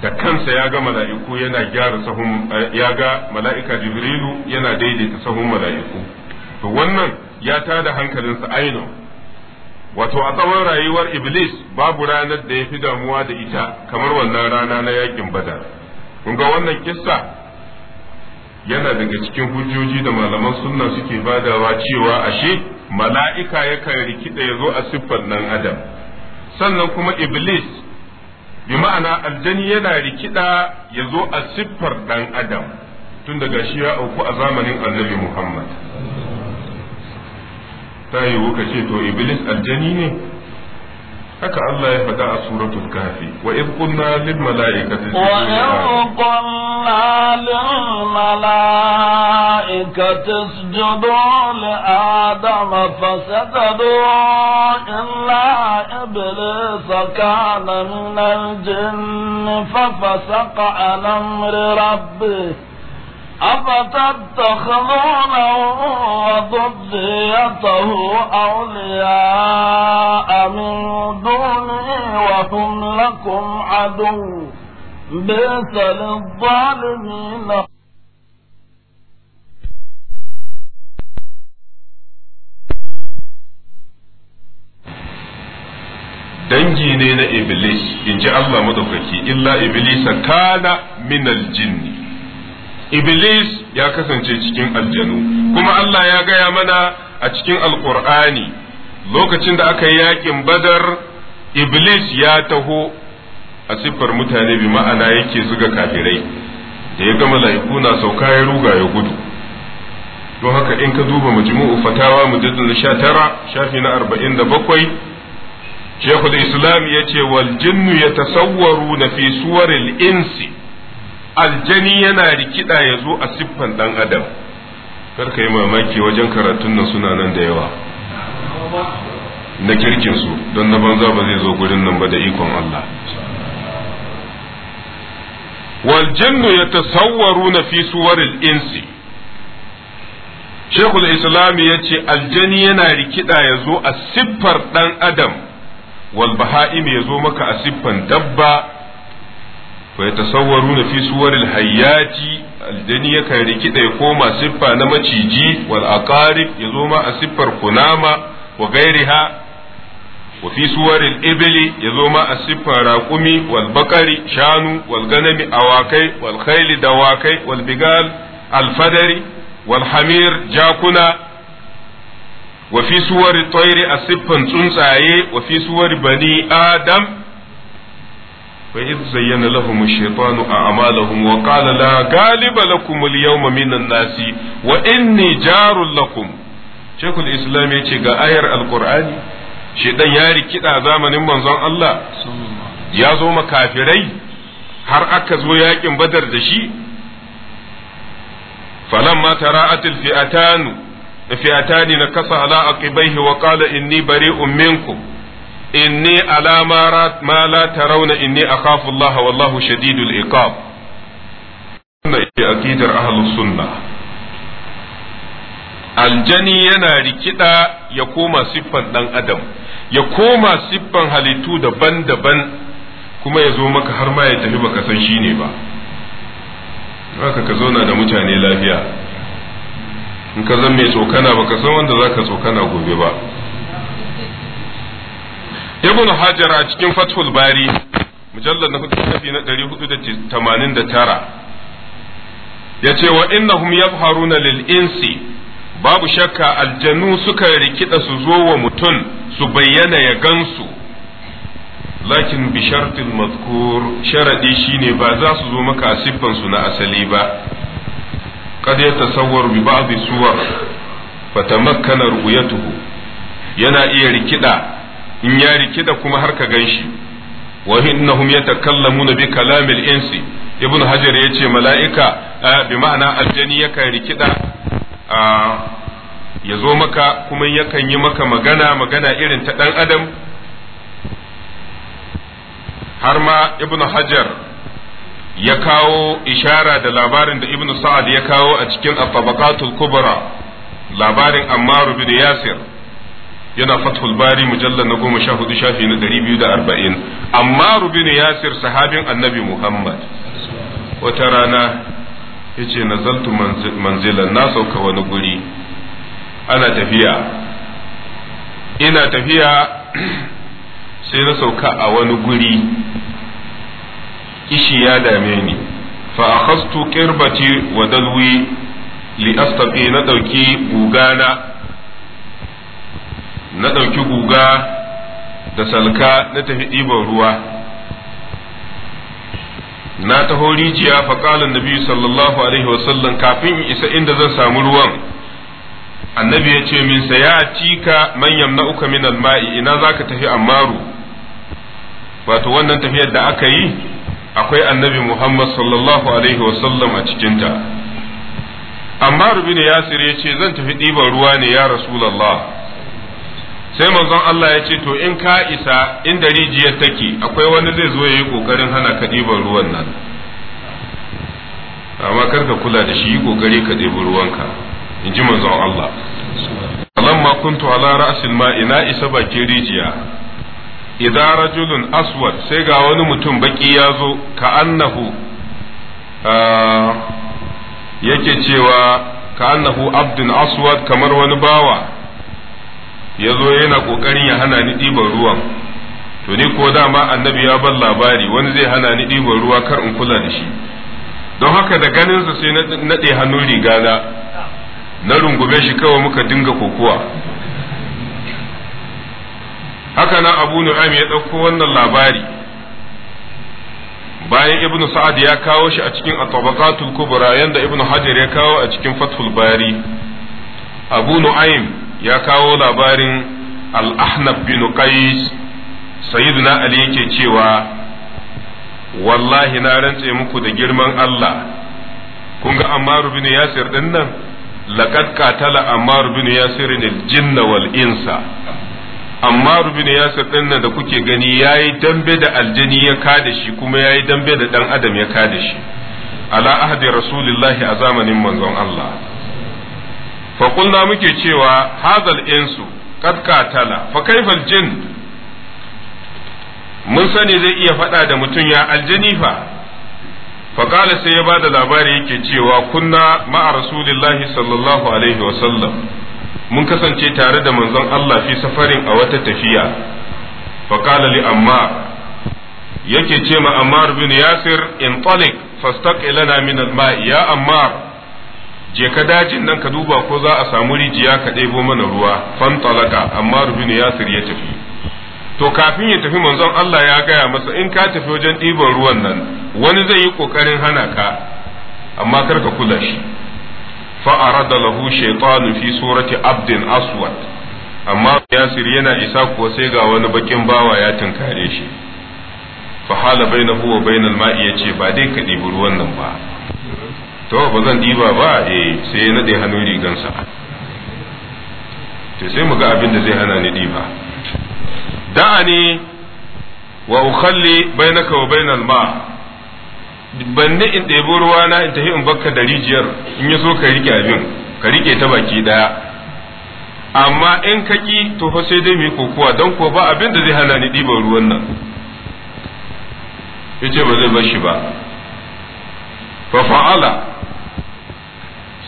da kansa ya ga mala'iku yana gyara sahun eh, ya ga mala'ika jibrilu yana daidaita sahun mala'iku to wannan ya tada hankalinsa aino wato a tsawon rayuwar iblis babu ranar da ya fi damuwa da ita kamar wannan rana na yakin badar kun ga wannan kissa yana daga cikin hujjoji da malaman sunna suke badawa cewa ashe mala'ika yakan rikida ya zo a siffar nan adam sannan kuma iblis bi ma'ana aljani yana rikida ya zo a siffar dan adam tun daga shi ya auku a zamanin annabi muhammad ta yi ce to iblis aljani ne haka Allah ya faɗa a suratul kafi wa in qulna lil malaikati wa in qulna lil malaikati isjudu li adama fasajadu illa iblis kana min al jinn fa fasaqa an amri rabbih أفتتخذونه وذريته أولياء من دوني وهم لكم عدو بئس للظالمين dangi ne na iblis in ji Allah madaukaki illa iblisa kana minal jinni iblis ya kasance cikin aljanu kuma Allah ya gaya mana a cikin alkur'ani lokacin da aka yi yakin badar iblis ya taho a siffar mutane bi ma'ana yake zuga kafirai da ya gama laifu na sauka ya ruga ya gudu don haka in ka duba majmu'u fatawa mujaddid 19 shafi na 47 Sheikhul Islam yace wal jinnu yatasawwaruna fi suwaril insi aljani yana rikida ya zo a siffan dan adam kar ka yi mamaki wajen karatun nan suna nan da yawa na kirkin su don na banza ba zai zo gurin nan ba da ikon Allah wal jinnu yatasawwaruna fi suwaril insi Shekul Islam ya ce aljani yana rikida ya zo a siffar dan adam wal baha'im ya zo maka a siffan dabba fa yatasawwaruna fi suwaril hayati aljani yakan rikida ya koma siffa na maciji wal aqarib yazo ma a siffar kunama wa gairiha wa fi suwaril ibli yazo a siffar raqumi wal shanu wal ganami awakai wal khayli dawakai wal bigal al jakuna wa fi suwar a siffan tsuntsaye wa fi suwar adam فإذ زين لهم الشيطان أعمالهم وقال لا غالب لكم اليوم من الناس وإني جار لكم شيخ الإسلام يتشي آير القرآن شيطان ياري كده زمن منظر الله يا زوم كافري har aka zo yakin badar da shi falamma tara'atil fi'atanu fi'atani na kasa ala aqibaihi wa qala inni bari'un minkum inni ala ma la tarawna inni akhafu Allah wallahu shadidul iqab wannan ita aqidar ahlus sunna aljani yana rikida ya koma siffan dan adam ya koma siffan halittu daban-daban kuma ya zo maka har ma ya tafi baka san shi ne ba haka ka zauna da mutane lafiya in ka zan mai tsokana baka san wanda za ka tsokana gobe ba ibn hajar a cikin fathul bari mujallar na hudu na ɗari hudu da tamanin da tara ya ce wa innahum yabharuna lil insi babu shakka aljanu suka rikida su zo wa mutum su bayyana ya gansu lakin bi shartil mazkur sharadi shine ba za su zo maka siffan su na asali ba kad ya tasawwar bi ba'd suwar fatamakkana ru'yatuhu yana iya rikida in ya rikida kuma har ka gan shi wa innahum yatakallamuna bi kalamil insi ibn hajar ya ce mala'ika bi ma'ana aljani yakan rikida ya zo maka kuma yakan yi maka magana magana irin ta ɗan adam har ma ibn hajar ya kawo ishara da labarin da ibn sa'ad ya kawo a cikin at kubra labarin ammar bin yasir yana fathul bari mujallar na goma sha hudu shafi na ɗari biyu da arba'in amma ya yasir sahabin annabi muhammad wata rana ya ce na zaltu manzilan na sauka wani guri ana tafiya ina tafiya sai na sauka a wani guri kishi ya dame ni fa akhastu qirbati wa dalwi li astaqi na dauki gugana na ɗauki guga da salka na tafi ɗiban ruwa na taho rijiya faƙalin nabi sallallahu alaihi wasallam kafin isa inda zan samu ruwan annabi ya ce min sa ya cika manyan na'uka min al-ma'i, ina za ka tafi ammaru wato wannan tafiyar da aka yi akwai annabi muhammad sallallahu alaihi wasallam a cikinta ammaru bin yasir ya ce zan tafi ɗiban ruwa ne ya rasulallah sai manzon Allah ya ce to in ka isa inda rijiyar take akwai wani zai zo ya yi kokarin hana ka ɗiban ruwan nan amma kar kula da shi yi kokari ka ruwanka in ji manzon Allah lamma kuntu ala ra'sil ma'i ina isa baki rijiya idan rajulun aswad sai ga wani mutum baki ya zo ka annahu yake cewa ka annahu abdun aswad kamar wani bawa ya zo yana ƙoƙarin ya hana ni ɗiban ruwan to ni ko dama annabi ya ban labari wani zai hana ni ɗiban ruwa kar in kula da shi don haka da ganinsa sai na naɗe hannun rigana na rungume shi kawai muka dinga kokowa haka nan abu nu'am ya ɗauko wannan labari bayan ibnu sa'ad ya kawo shi a cikin at-tabaqatul kubra yanda ibnu hajar ya kawo a cikin fathul bari abu nu'aym ya kawo labarin al bin qais sayyidina ali yake cewa wallahi na rantse muku da girman Allah kun ga Ammar bin Yasir din nan laqad qatala Ammar bin Yasir al-jinna wal insa Ammar bin Yasir din nan da kuke gani yayi dambe da aljani ya kada shi kuma yayi dambe da dan adam ya kada shi ala ahdi rasulillahi a zamanin manzon Allah fa muke cewa hazal insu qad qatala fa kaifal jin mun sani zai iya faɗa da mutum ya aljanifa fa qala sai ya bada labari yake cewa kunna ma'a rasulillahi sallallahu alaihi wa sallam mun kasance tare da manzon Allah fi safarin a wata tafiya fa qala li amma yake ce ma ammar bin yasir in talik fastaq ilana min al-ma'i ya ammar je ka dajin nan ka duba ko za a samu rijiya ka ɗebo mana ruwa fan talaka amma rubin yasir ya tafi to kafin ya tafi manzon Allah ya gaya masa in ka tafi wajen ɗiban ruwan nan wani zai yi ƙoƙarin hana ka amma kar ka kula shi arada lahu shaytanu fi surati abdin aswad amma yasir yana isa kuwa sai ga wani bakin bawa ya tinkare shi hala bainahu wa bainal ma'i yace ba dai ka ɗibi ruwan nan ba to ba zan diba ba eh sai na dai hannu rigansa to sai mu ga abin da zai hana ni diba da'ani wa ukhalli bainaka wa bainal ma ban ni in ɗebo na in tafi in bakka da rijiyar in yi so ka rike abin ka rike ta baki daya amma in ka ki to fa sai dai mu yi dan don ko ba abin da zai hana ni diba ruwan nan yace ba zai bar shi ba fa fa'ala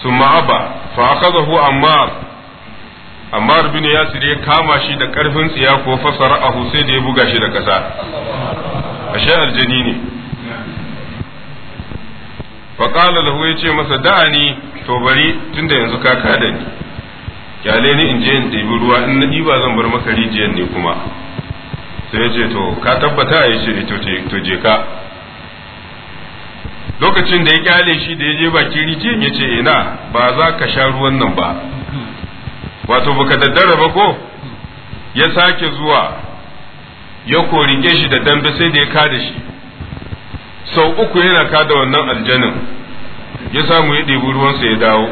ثم أبى فأخذه عمار عمار بن ياسر يكاما شي دا كرفن سياك وفصرأه سيد يبقى شي دا كسا أشاء الجنيني فقال له يتي مسا دعني توبري تند ينزو كاكا دني kyale ni in je in ɗebi ruwa in na ɗiba zan bar maka rijiyar ne kuma sai ya ce to ka tabbata ya ce to je ka lokacin da ya kyale shi da ya je bakin rijiyar ya ce ina ba za ka sha ruwan nan ba wato baka daddara ba ko ya sake zuwa ya korike shi da dambe sai da ya kada shi sau uku yana kada wannan aljanin ya samu ya ɗebi ruwansa ya dawo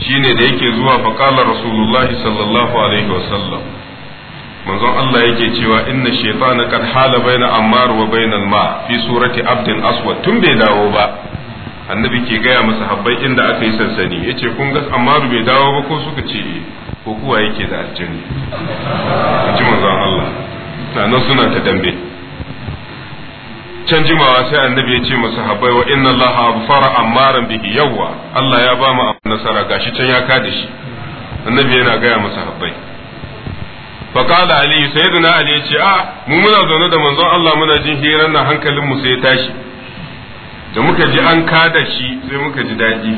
shine da yake zuwa faƙalar rasulullahi sallallahu alaihi wasallam manzon Allah yake cewa inna shaytana kad hala baina ammar wa bainal ma fi surati abdin aswad tun bai dawo ba annabi ke gaya masa habbai inda aka yi sansani yace kun ga ammar bai dawo ba ko suka ce ko kuwa yake da aljani ji manzon Allah sanan suna ta dambe can jimawa sai annabi ya ce masa habbai wa inna Allah abfara ammaran bihi yawwa Allah ya ba mu nasara gashi can ya kada shi annabi yana gaya masa habbai فقال علي سيدنا علي ce a mu muna zaune da manzon Allah muna jin hirar na hankalin mu sai ya tashi da muka ji an kada shi sai muka ji daɗi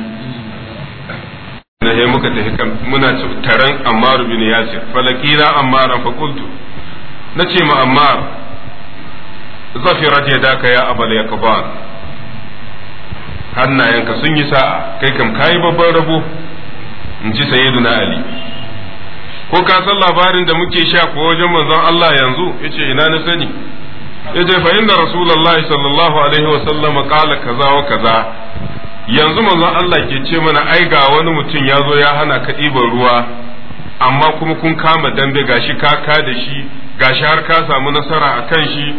da muka tafi kan muna taran Ammar bin Yasir falakira Ammar fa qultu nace ma Ammar zafirat yadaka ya abal hannayen hannayenka sun yi sa'a kai kam kai babban rabo in ji sayyiduna Ali ko ka san labarin da muke sha ko wajen manzon Allah yanzu yace ina na sani yace fa inda rasulullahi sallallahu alaihi wa sallam qala kaza wa kaza yanzu manzon Allah ke ce mana ai ga wani mutum ya zo ya hana ka ɗiban ruwa amma kuma kun kama dambe gashi ka ka da shi gashi har ka samu nasara akan shi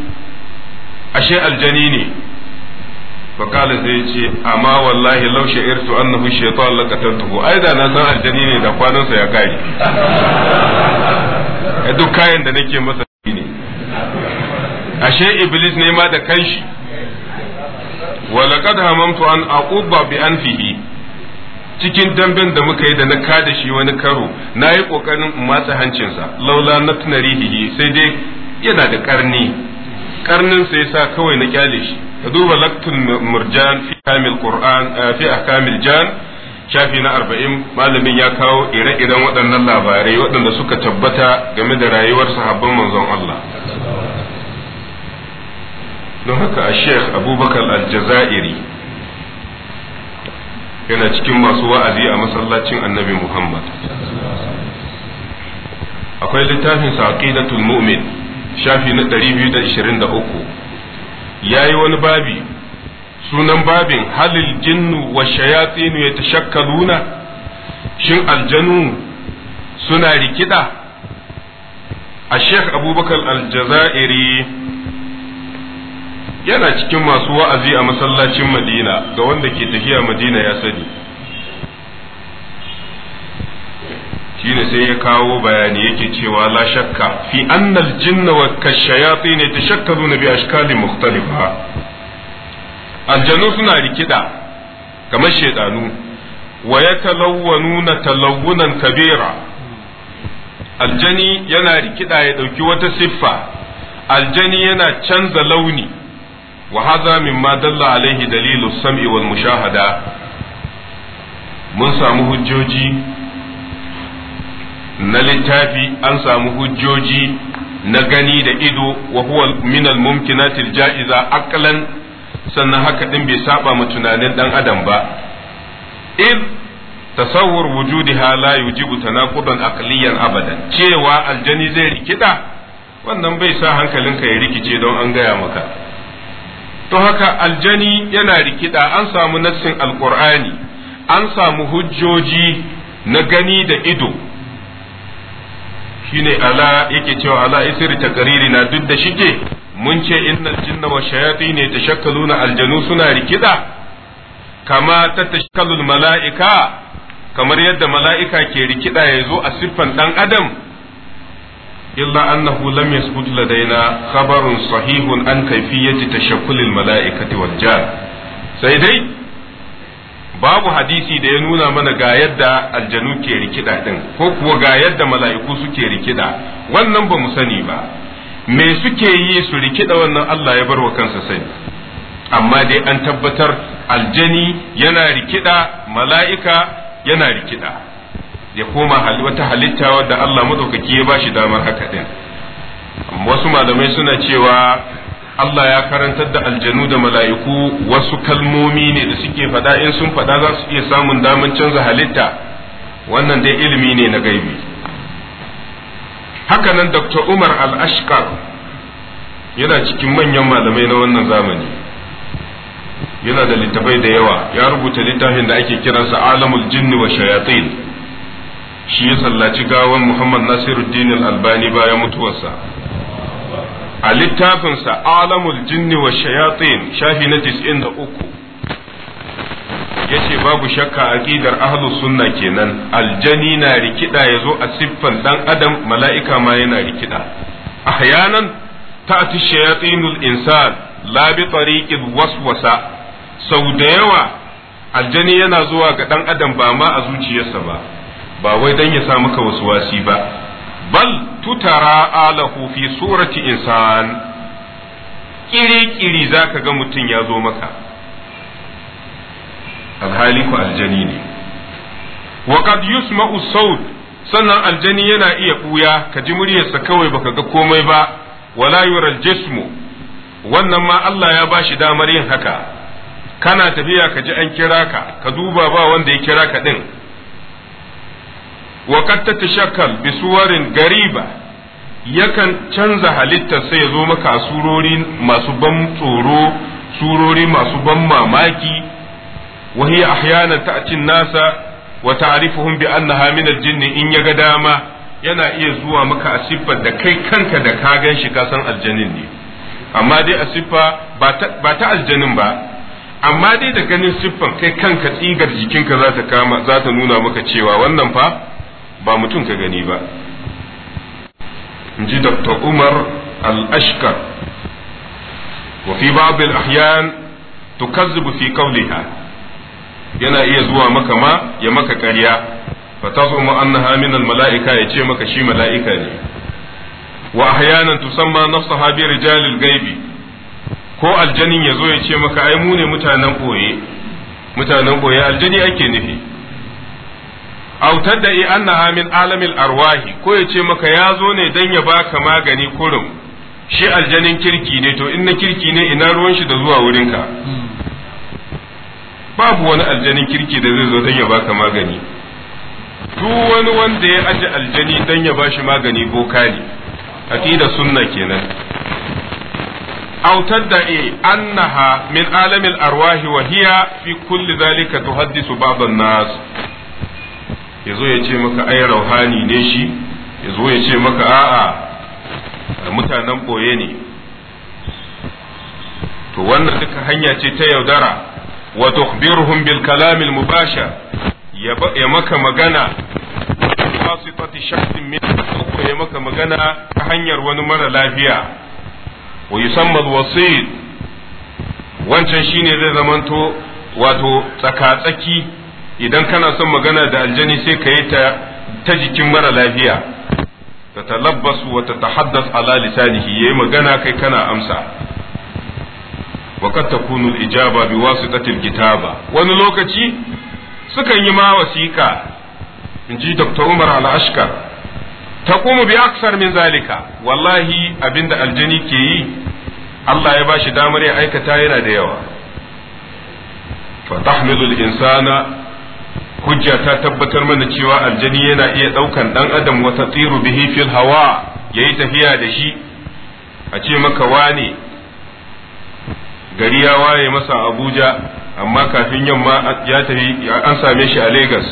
ashe aljani ne فقال سيتي اما والله لو شعرت انه الشيطان لقتلته أيضا انا سان الجنين ده ya يا duk kayan da nake masa ne ashe iblis ne ma da kanshi wa laqad hamamtu an cikin damben da muka yi da na kada shi wani karo na yi ƙoƙarin matsa hancinsa laula na tunarihihi sai dai yana da ƙarni ƙarnin sai sa kawai na kyale shi ka duba laktun murjan fi kamil eh, jan shafi na arba'in malamin ya kawo ire-iren waɗannan labarai waɗanda suka tabbata game da rayuwar sahabban manzon Allah don haka a sheikh abubakar aljazairi yana cikin masu wa'azi a masallacin annabi muhammad akwai littafin sa aqidatul mu'min shafi na 223 Ya yi wani babi sunan babin halil jinnu wa shayatinu ya nuna. shin aljanu suna rikida a sheikh abubakar aljazairi yana cikin masu wa'azi a masallacin madina ga wanda ke tafiya madina ya sani shine sai ya kawo bayani yake cewa la shakka fi annal jinna wa kashayatin tashakkaluna bi ashkalin mukhtalifa aljannu suna rikida kamar shedanu wa yatalawwanuna talawunan kabira aljani yana rikida ya dauki wata siffa aljani yana canza launi Wahazamin hadha mimma dalla alaihi dalilu sam'i mushahada mun samu hujjoji na littafi an samu hujjoji na gani da ido wa huwa min al-mumkinatil ja'iza aqlan sannan haka din bai saba ma tunanin dan adam ba id tasawwur wujudiha la yujibu tanaqudan aqliyan abadan cewa aljani zai rikida wannan bai sa hankalinka ya rikice don an gaya maka to haka aljani yana rikida an samu nassin alqur'ani an samu hujjoji na gani da ido shine ala yake cewa ala isri taqriri na duk da shike mun ce innal jinna wa shayatin ne na aljanu suna rikida kama ta tashakkalul mala'ika kamar yadda mala'ika ke rikida ya zo a siffan dan adam illa annahu lam yasbut ladaina khabarun sahihun an kayfiyati tashakkulil mala'ikati wal jan sai dai babu hadisi da ya nuna mana ga yadda aljanu ke rikida din ko kuwa ga yadda mala'iku suke rikida wannan ba mu sani ba me suke yi su rikida wannan Allah ya bar wa kansa sani amma dai an tabbatar aljani yana rikida mala'ika yana rikida ya koma wata halitta wadda Allah madaukaki ya bashi damar haka din wasu malamai suna cewa Allah ya karantar da aljanu da mala'iku wasu kalmomi ne da suke fada in sun fada za su iya samun daman canza halitta wannan dai ilimi ne na gaibi hakanan dr umar al-ashkar yana cikin manyan malamai na wannan zamani yana da littafai da yawa ya rubuta littafin da ake kiransa alamul jinni wa shayatin shi ya sallaci gawan muhammad nasiruddin al-albani bayan mutuwarsa a littafinsa alamul jinni wa shayatin shafi na 93 yace babu shakka aƙidar ahlu sunna kenan aljani na rikida yazo a siffan dan adam mala'ika ma yana rikida ahyanan ta'ti shayatinul insan labi bi waswasa sau da yawa aljani yana zuwa ga dan adam ba ma a zuciyarsa ba ba wai dan ya sa maka waswasi ba bal tutara alahu fi surati insan kiri-kiri za ka ga mutum ya zo maka alhali ku aljani ne wa saut sannan aljani yana iya ɓuya ka ji muryarsa kawai baka ga komai ba wala yural jismu wannan ma Allah ya bashi damar yin haka kana tafiya ka ji an kira ka ka duba ba wanda ya kira ka din wa ta tatashakkal bi suwarin gariba yakan canza halittar sai ya zo maka surori masu ban tsoro surori masu ban mamaki wa hiya ahyana ta'tin nasa wa ta'rifuhum bi annaha min al-jinni in yaga dama yana iya zuwa maka a siffar da kai kanka da ka gan shi ka ne amma dai a siffa ba ta aljanin ba amma dai da ganin siffan kai kanka tsigar jikinka za za ta nuna maka cewa wannan fa ba mutum ka gani ba in ji dr umar al-ashkar Wafi fi ahyan tukazzibu fi qawliha yana iya zuwa maka ma ya maka karya fa tazumu annaha min malaika ya ce maka shi mala'ika ne wa ahyanan tusamma nafsaha bi rijal Gaibi. ko aljanin ya zo ya ce maka ai mu ne mutanen ɓoye. mutanen ɓoye aljani ake nufi autar da i annaha min alamil arwahi ko ya ce maka ya zo ne dan ya baka magani kurum shi aljanin kirki ne to in na kirki ne ina ruwan shi da zuwa wurinka babu wani aljanin kirki da zai zo dan ya baka magani duk wani wanda ya aje aljani dan ya bashi magani boka ne aqida sunna kenan autar da e annaha min alamil arwahi wa hiya fi kulli zalika tuhaddisu baban nas ya zo ya ce maka ai rauhani ne shi ya zo ya ce maka a'a mutanen boye ne to wannan duka hanya ce ta yaudara wa tukhbiruhum bil kalamil mubasha ya maka magana wasitati shakhsin min ya maka magana ta hanyar wani mara lafiya wa yusamma wasit wancan shine zai zamanto wato tsaka-tsaki idan kana son magana da aljani sai ka yi ta jikin mara lafiya ta talabbasu wa ta tahaddas ala lisanihi yayi magana kai kana amsa wa kad takunu al-ijaba bi wasitatil kitaba wani lokaci sukan yi ma wasiƙa in ji Dr. Umar al-Ashkar ta kuma bi aksar min zalika wallahi abinda aljani ke yi Allah ya bashi damar ya aikata yana da yawa fa tahmilu al-insana hujja ta tabbatar mana cewa aljani yana iya ɗaukan ɗan adam wata tsiru bihi fil hawa ya yi tafiya da shi a ce maka wane gari ya waye masa abuja amma kafin yamma ya tafi an same shi a Legas.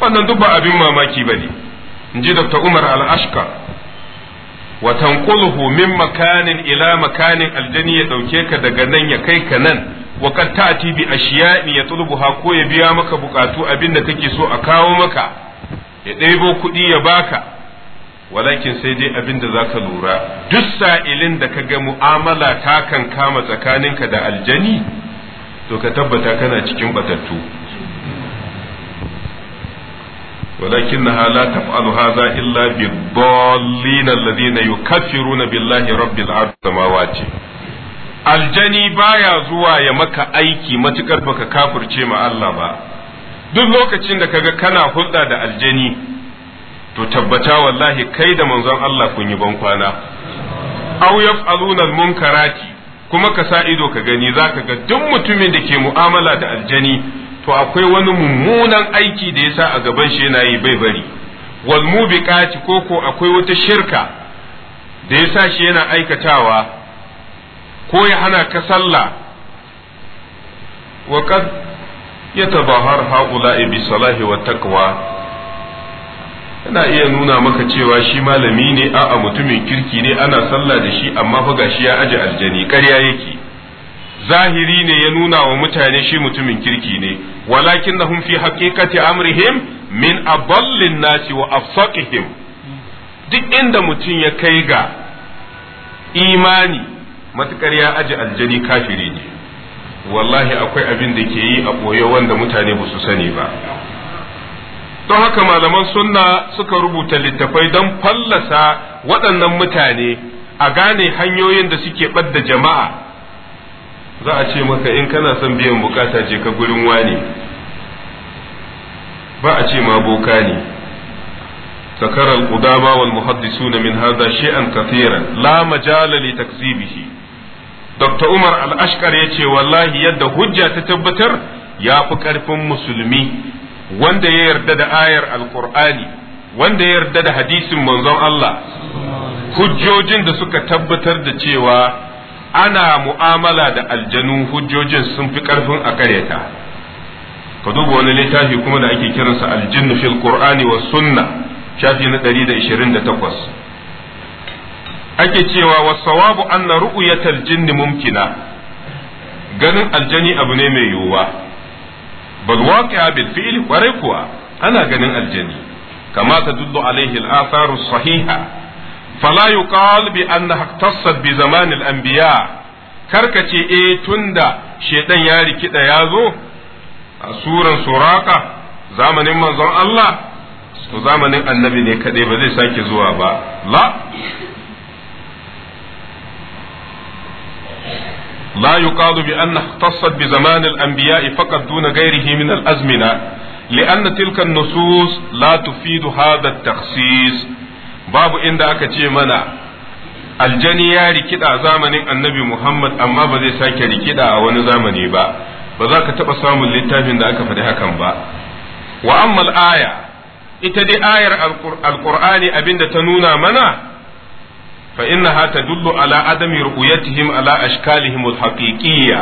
wannan duk ba abin mamaki ba ne in ji dr umar al-ashka wa tanquluhu min makanin ila makanin aljani ya ɗauke ka daga nan ya kai ka nan wa kad ta'ti bi ashiya'i yatlubuha ko ya biya maka bukatu abinda kake so a kawo maka ya ɗebo kuɗi ya baka walakin sai dai abinda zaka lura duk sa'ilin da ka ga mu'amala ta kan kama tsakaninka da aljani to ka tabbata kana cikin batattu ولكنها لا تفعل هذا إلا بالضالين الذين يكفرون بالله رب العالمين aljani baya zuwa ya maka aiki matukar baka kafirce ma Allah ba duk lokacin da kaga kana hulɗa da aljani to tabbata wallahi kai da manzon Allah kun yi bankwana aw yaf'aluna munkarati kuma ka sa ido ka gani zaka ga duk mutumin da ke mu'amala da aljani to akwai wani mummunan aiki da yasa a gaban shi yana yi bai bari wal mubiqati koko akwai wata shirka da yasa shi yana aikatawa ko ya hana ka sallah wa kad tabahar haula'i bi salahi wa taqwa yana iya nuna maka cewa shi malami ne a'a mutumin kirki ne ana sallah da shi amma fa gashi ya aje aljani ƙarya yake zahiri ne ya nuna wa mutane shi mutumin kirki ne walakin nahum fi haqiqati amrihim min aballin nasi wa afsaqihim duk inda mutum ya kai ga imani matukar ya aji aljani kafiri ne wallahi akwai abin da ke yi a ɓoye wanda mutane ba su sani ba don haka malaman sunna suka rubuta littafai don fallasa waɗannan mutane a gane hanyoyin da suke ɓadda jama'a za a ce maka in kana son biyan bukata je ka gurin wani ba a ce ma boka ne ذكر القدامى والمحدثون من هذا شيئا la لا مجال لتكذيبه Dr. Umar al-Ashkar ya ce wallahi yadda hujja ta tabbatar ya fi ƙarfin musulmi wanda ya yarda da ayar alkur'ani wanda ya yarda da hadisin manzon Allah hujjojin da suka tabbatar da cewa ana mu'amala da aljanu hujjojin sun fi ƙarfin a karyata ka duba wani littafi kuma da ake kiransa aljinnu fil qur'ani wa sunna shafi na 128 ake cewa wasawabu anna ru'yatal jinni mumkina ganin aljani abu ne mai yiwuwa bal waqi'a bil fi'li kwarai kuwa ana ganin aljani kama tadullu alaihi al-atharu sahiha fala yuqal bi anna ihtassat bi zaman al-anbiya karkace eh tunda shedan ya rikida ya zo a suran suraka zamanin manzon Allah to zamanin annabi ne kadai ba zai sake zuwa ba la لا يقال بأن اختصت بزمان الأنبياء فقط دون غيره من الأزمنة لأن تلك النصوص لا تفيد هذا التخصيص باب إن ذاك mana aljani ya rikida zamanin annabi Muhammad amma ba zai sake rikida a wani zamani ba ba za ka taɓa samun littafin da aka faɗi hakan ba wa ammal aya ita dai ayar abin da ta nuna mana fa innaha tadullu ala adami ru'yatihim ala ashkalihim alhaqiqiyya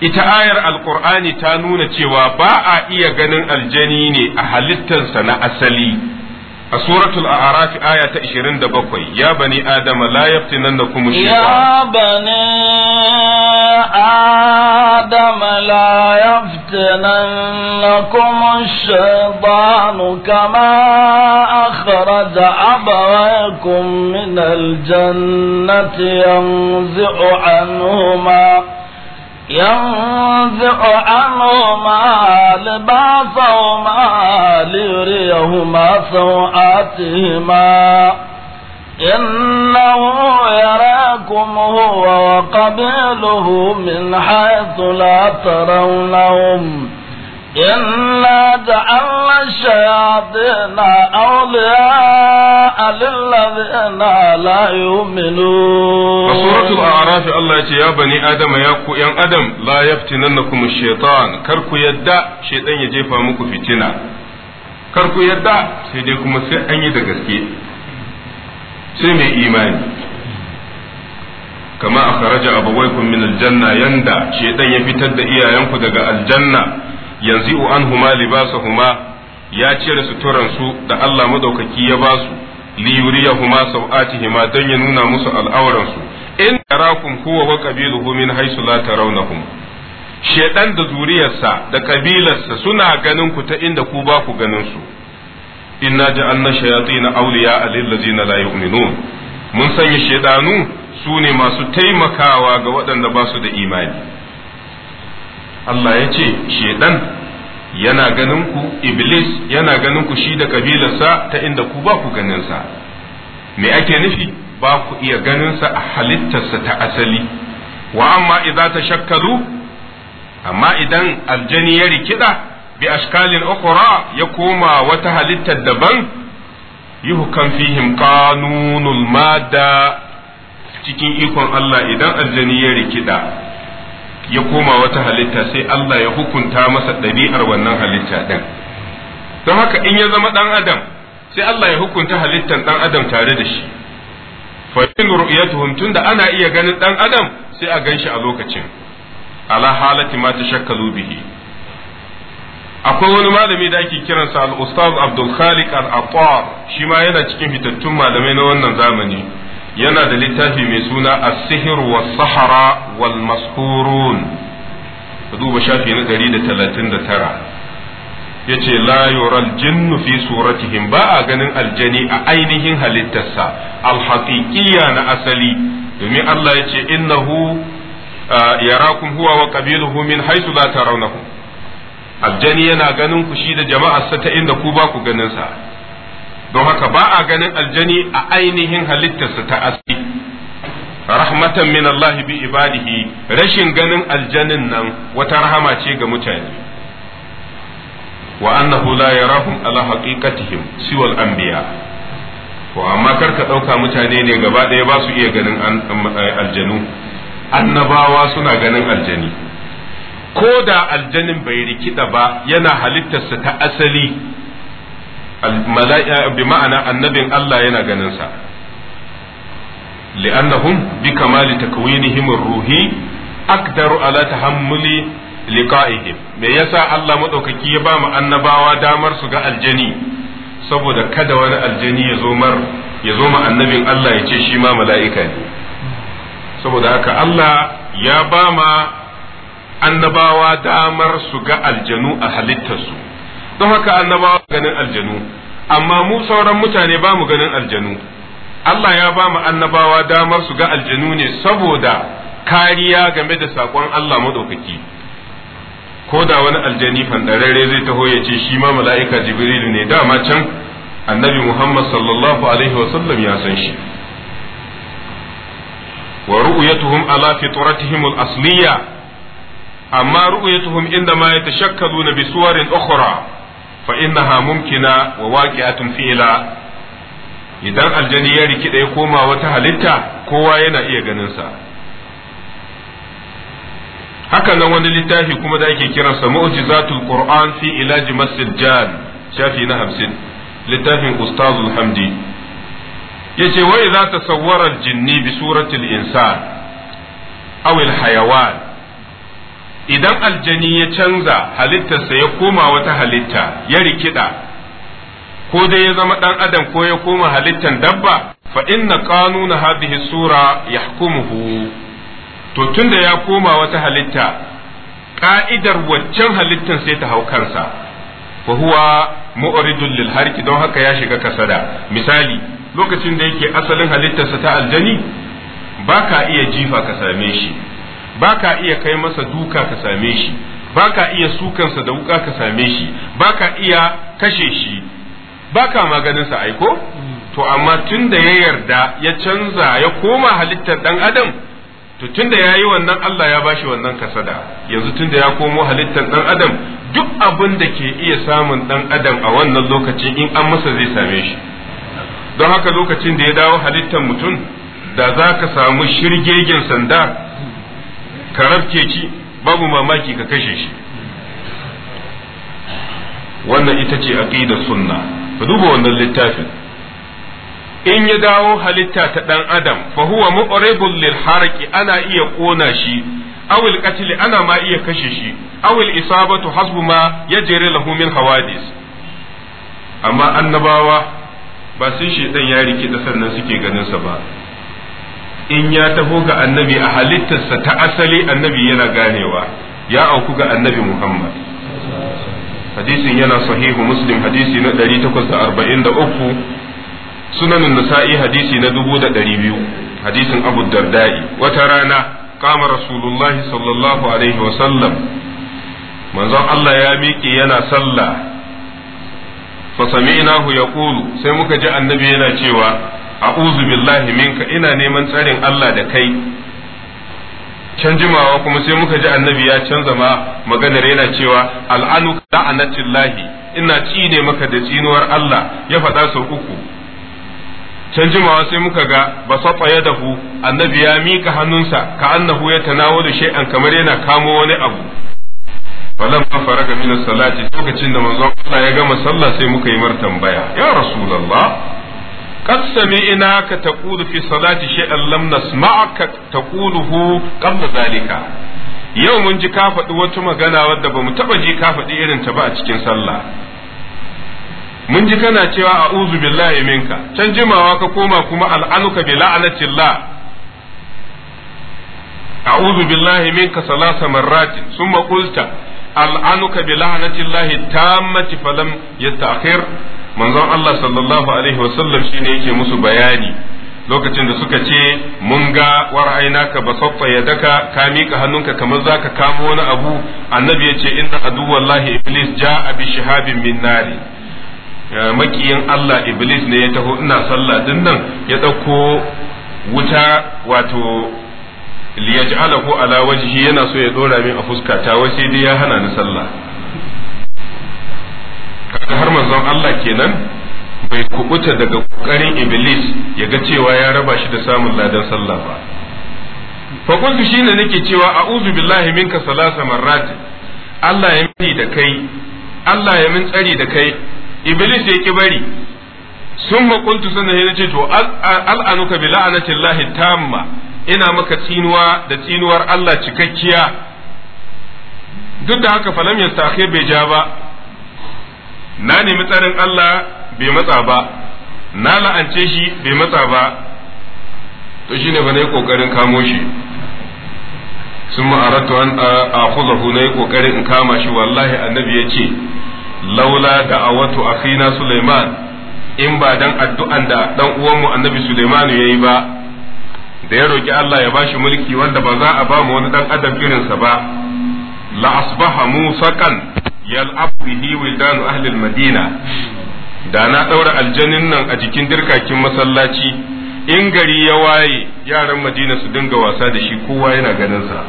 ita ayar alqur'ani ta nuna cewa ba a iya ganin aljani ne a halittarsa na asali a suratul a'raf aya ta 27 ya bani adama la yaftinannakum shaytan ya bani adama la yaftinannakum shaytan kama akhraja abawaykum min aljannati yanzi'u anhuma ينزع عنهما لباسهما ليريهما سوآتهما إنه يراكم هو وقبيله من حيث لا ترونهم إلا جعل الشياطين أولياء للذين لا يؤمنون سورة الأعراف الله يا بني آدم يا كو آدم لا يفتننكم الشيطان كركو يدع شيطان يجيفا مكو فتنة كركو يدع سيديكم سيئن يدقسكي سيمي إيماني كما أخرج أبويكم من الجنة يندع شيطان يفتد إياه ينكو دقا الجنة yanzu anhuma huma ya cire suturan su da Allah madaukaki ya basu li yuriyahuma sawatihima dan ya nuna musu al'auran su in tarakum huwa wa qabiluhu min haythu la tarawnahum shedan da zuriyarsa da kabilarsa suna ganin ku ta inda ku ba ku ganin su inna ja'alna shayatin awliya lil ladzina la yu'minun mun sanya shedanu sune masu taimakawa ga waɗanda ba su da imani Allah ya ce shedan yana ganin ku iblis yana ganin ku shi da kabilarsa ta inda ku ba ku ganinsa. me ake nufi ba ku iya ganinsa a halittarsa ta asali wa amma idza shakkaru? amma idan aljani ya rikida bi ashkalin ukhra ya koma wata halittar daban yuhkan fihim qanunul madda cikin ikon Allah idan aljani ya rikida ya koma wata halitta sai Allah ya hukunta masa ɗabi'ar wannan halitta ɗin don haka in ya zama ɗan adam sai Allah ya hukunta halittan ɗan adam tare da shi fa'in ru'yatuhum tunda ana iya ganin ɗan adam sai a ganshi a lokacin ala halati ma tashakkalu bihi akwai wani malami da ake kiransa al-ustaz Abdul Khaliq al-Attar shi ma yana cikin fitattun malamai na wannan zamani yana da littafi mai suna a sihr wa sahara wal ka duba shafi na 139 yace la yural jinnu fi suratihim ba a ganin aljani a ainihin halittarsa alhaƙiƙiya na asali domin Allah yace innahu yarakum huwa wa qabiluhu min haythu la tarawnahum aljani yana ganin ku shi da jama'arsa ta inda ku ba ku ganin sa don haka ba a ganin aljani a ainihin halittarsa ta asali rahmatan min Allah bi ibadihi rashin ganin aljanin nan wata rahama ce ga mutane wa annahu la yarahum ala haqiqatihim siwal anbiya to amma kar ka dauka mutane ne gaba ɗaya ba su iya ganin eh, aljanu annabawa suna ganin aljani ko da aljanin bai rikida ba yana halittarsa ta asali bi ma'ana annabin Allah yana ganin sa li'annahum bi kamali takwinihim ruhi akdaru ala tahammuli liqa'ihim me yasa Allah madaukaki ya ba mu annabawa damar su ga aljani saboda kada wani aljani ya zo mar ya zo ma annabin Allah ya ce shi ma mala'ika ne saboda haka Allah ya ba ma annabawa damar su ga aljanu a halittarsu don haka annabawa ganin aljanu amma mu sauran mutane ba mu ganin aljanu Allah ya ba mu annabawa damar su ga aljanu ne saboda kariya game da saƙon Allah maɗaukaki ko da wani aljani fandararre zai taho ya ce shi ma mala'ika jibrilu ne dama can annabi Muhammad sallallahu alaihi wasallam ya san shi wa ru'yatuhum ala fitratihim al-asliya amma ru'yatuhum inda ma yatashakkaluna bi suwarin ukhra fa innaha mumkina wa waqi'atun fi'la idan aljani ya rikida ya koma wata halitta kowa yana iya ganin sa haka nan wani littafi kuma da ake kiransa mu'jizatul qur'an fi ilaji masjid shafi na 50 littafin ustazul hamdi yace wa idza tasawwara al-jinni bi surati insa, insan aw hayawan idan aljani ya canza halittarsa ya koma wata halitta ya rikida ko dai ya zama dan adam ko ya koma halittar dabba fa inna qanuna hadhihi sura yahkumuhu to tunda ya koma wata halitta ka'idar waccan halittar sai ta hau kansa fa huwa mu'ridun lil harki don haka ya shiga kasada misali lokacin da yake asalin halittarsa ta aljani baka iya jifa ka same shi ba ka iya kai masa duka ka same shi ba ka iya sukansa da wuka ka same shi ba ka iya kashe shi ba ka maganinsa aiko to amma tun da ya yarda ya canza ya koma halittar dan adam to tun da ya yi wannan Allah ya bashi wannan kasada yanzu tun da ya komo halittar dan adam duk abin da ke iya samun dan adam a wannan lokacin in an masa zai same shi don haka lokacin da ya dawo halittar mutum da za ka samu shirgegen sanda ka rafke shi babu mamaki ka kashe shi wannan ita ce aqidar sunna ka duba wannan littafin in ya dawo halitta ta dan adam fa huwa mu'ribul lil harqi ana iya kona shi awul al qatl ana ma iya kashe shi aw isabatu hasbu ma yajri lahu min hawadis amma annabawa ba sun shedan ya rike da sannan suke ganin sa ba in ya taho ga annabi a halittarsa ta asali annabi yana ganewa ya auku ga annabi Muhammad hadisin yana sahihu muslim hadisi na 843 sunanin nasa'i hadisi na 2200 hadisin abu dardai wata rana kama rasulullahi sallallahu alaihi wasallam manzon Allah ya miƙe yana sallah Fasaminahu ya yaqulu sai muka ji annabi yana cewa a'udhu billahi minka ina neman tsarin Allah da kai can jimawa kuma sai muka ji annabi ya canza ma maganar yana cewa al'anu lahi. ina ne maka da tsinuwar Allah ya faɗa sau uku can jimawa sai muka ga ba ya dahu annabi ya mika hannunsa ka annahu ya tanawalu shay'an kamar yana kamo wani abu falan ma faraga min salati lokacin da manzon Allah ya gama sallah sai muka yi mar tambaya ya rasulullah قد سمعناك تقول في صلاة شيئا لم نسمعك تقوله قبل ذلك yau mun ji ka faɗi magana wadda ba mu taɓa ji ka faɗi irin ta ba a cikin sallah mun ji kana cewa a'udhu can jimawa ka koma kuma al'anuka bi la'anatillah salasa marratin summa qulta al'anuka bi la'anatillahi tammati falam yasta'khir manzon Allah sallallahu alaihi wasallam shine yake musu bayani lokacin da suka ce mun ga war'aina ka ya daka ka mika hannunka kamar zaka kamo wani abu annabi ya ce inna aduwallahi iblis ja'a bi shihabin min nari makiyin Allah iblis ne ya taho ina sallah din nan ya dauko wuta wato liyaj'alahu ala wajhi yana so ya dora min a fuskata wai sai dai ya hana ni sallah har manzon Allah kenan bai kubuta daga kokarin iblis ya ga cewa ya raba shi da samun ladan sallah ba fa kuntu shine nake cewa a'udhu billahi minka salasa marrat Allah ya mini da kai Allah ya min tsari da kai iblis ya ki bari sun makuntu sannan ya ce to al'anuka bi la'anatillahi tamma ina maka tsinuwa da tsinuwar Allah cikakkiya duk da haka falam ya bai ja ba na nemi tsarin Allah bai matsa ba na la'ance shi bai matsa ba to shi ba bane kokarin kamo shi sun ma'aratu an a kuzahu na yi kokarin in kama shi wallahi annabi ya ce laula da a wato akhina Suleiman in ba dan addu'an da dan uwanmu annabi Suleiman ya yi ba da ya roki Allah ya ba shi mulki wanda ba za a ba mu wani ɗan adam irinsa ba la'asbaha asbaha musaqan yal'ab bihi wildanu ahli madina da na daura aljanin nan a jikin dirkakin masallaci in gari ya waye yaran madina su dinga wasa da shi kowa yana ganin sa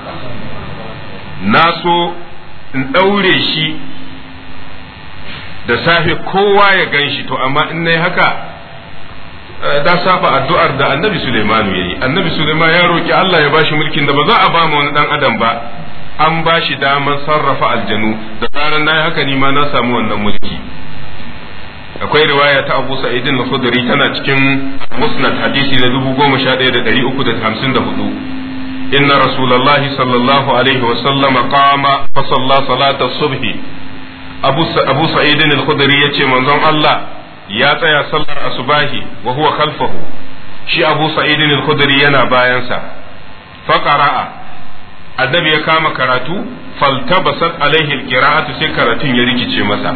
na so in daure shi da safe kowa ya ganshi to amma in nayi haka eh, da saba addu'ar da annabi Suleimanu yayi annabi Suleiman ya roki Allah ya bashi mulkin da ba za a ba wani dan adam ba an ba shi damar sarrafa aljanu da ranar na yi haka ni ma na samu wannan mulki akwai riwaya ta Abu Sa'id na khudri tana cikin Musnad hadisi na dubu goma sha ɗaya da da da ɗari uku hamsin hudu. inna rasulallahi sallallahu alaihi wa sallama qama fa salla salat as Abu Abu Sa'id al-Khudri yace manzon Allah ya tsaya sallar asubahi wa huwa khalfahu shi Abu Sa'id al-Khudri yana bayansa fa qara'a annabi ya kama karatu faltabasat alaihi alqira'atu sai karatun ya rikice masa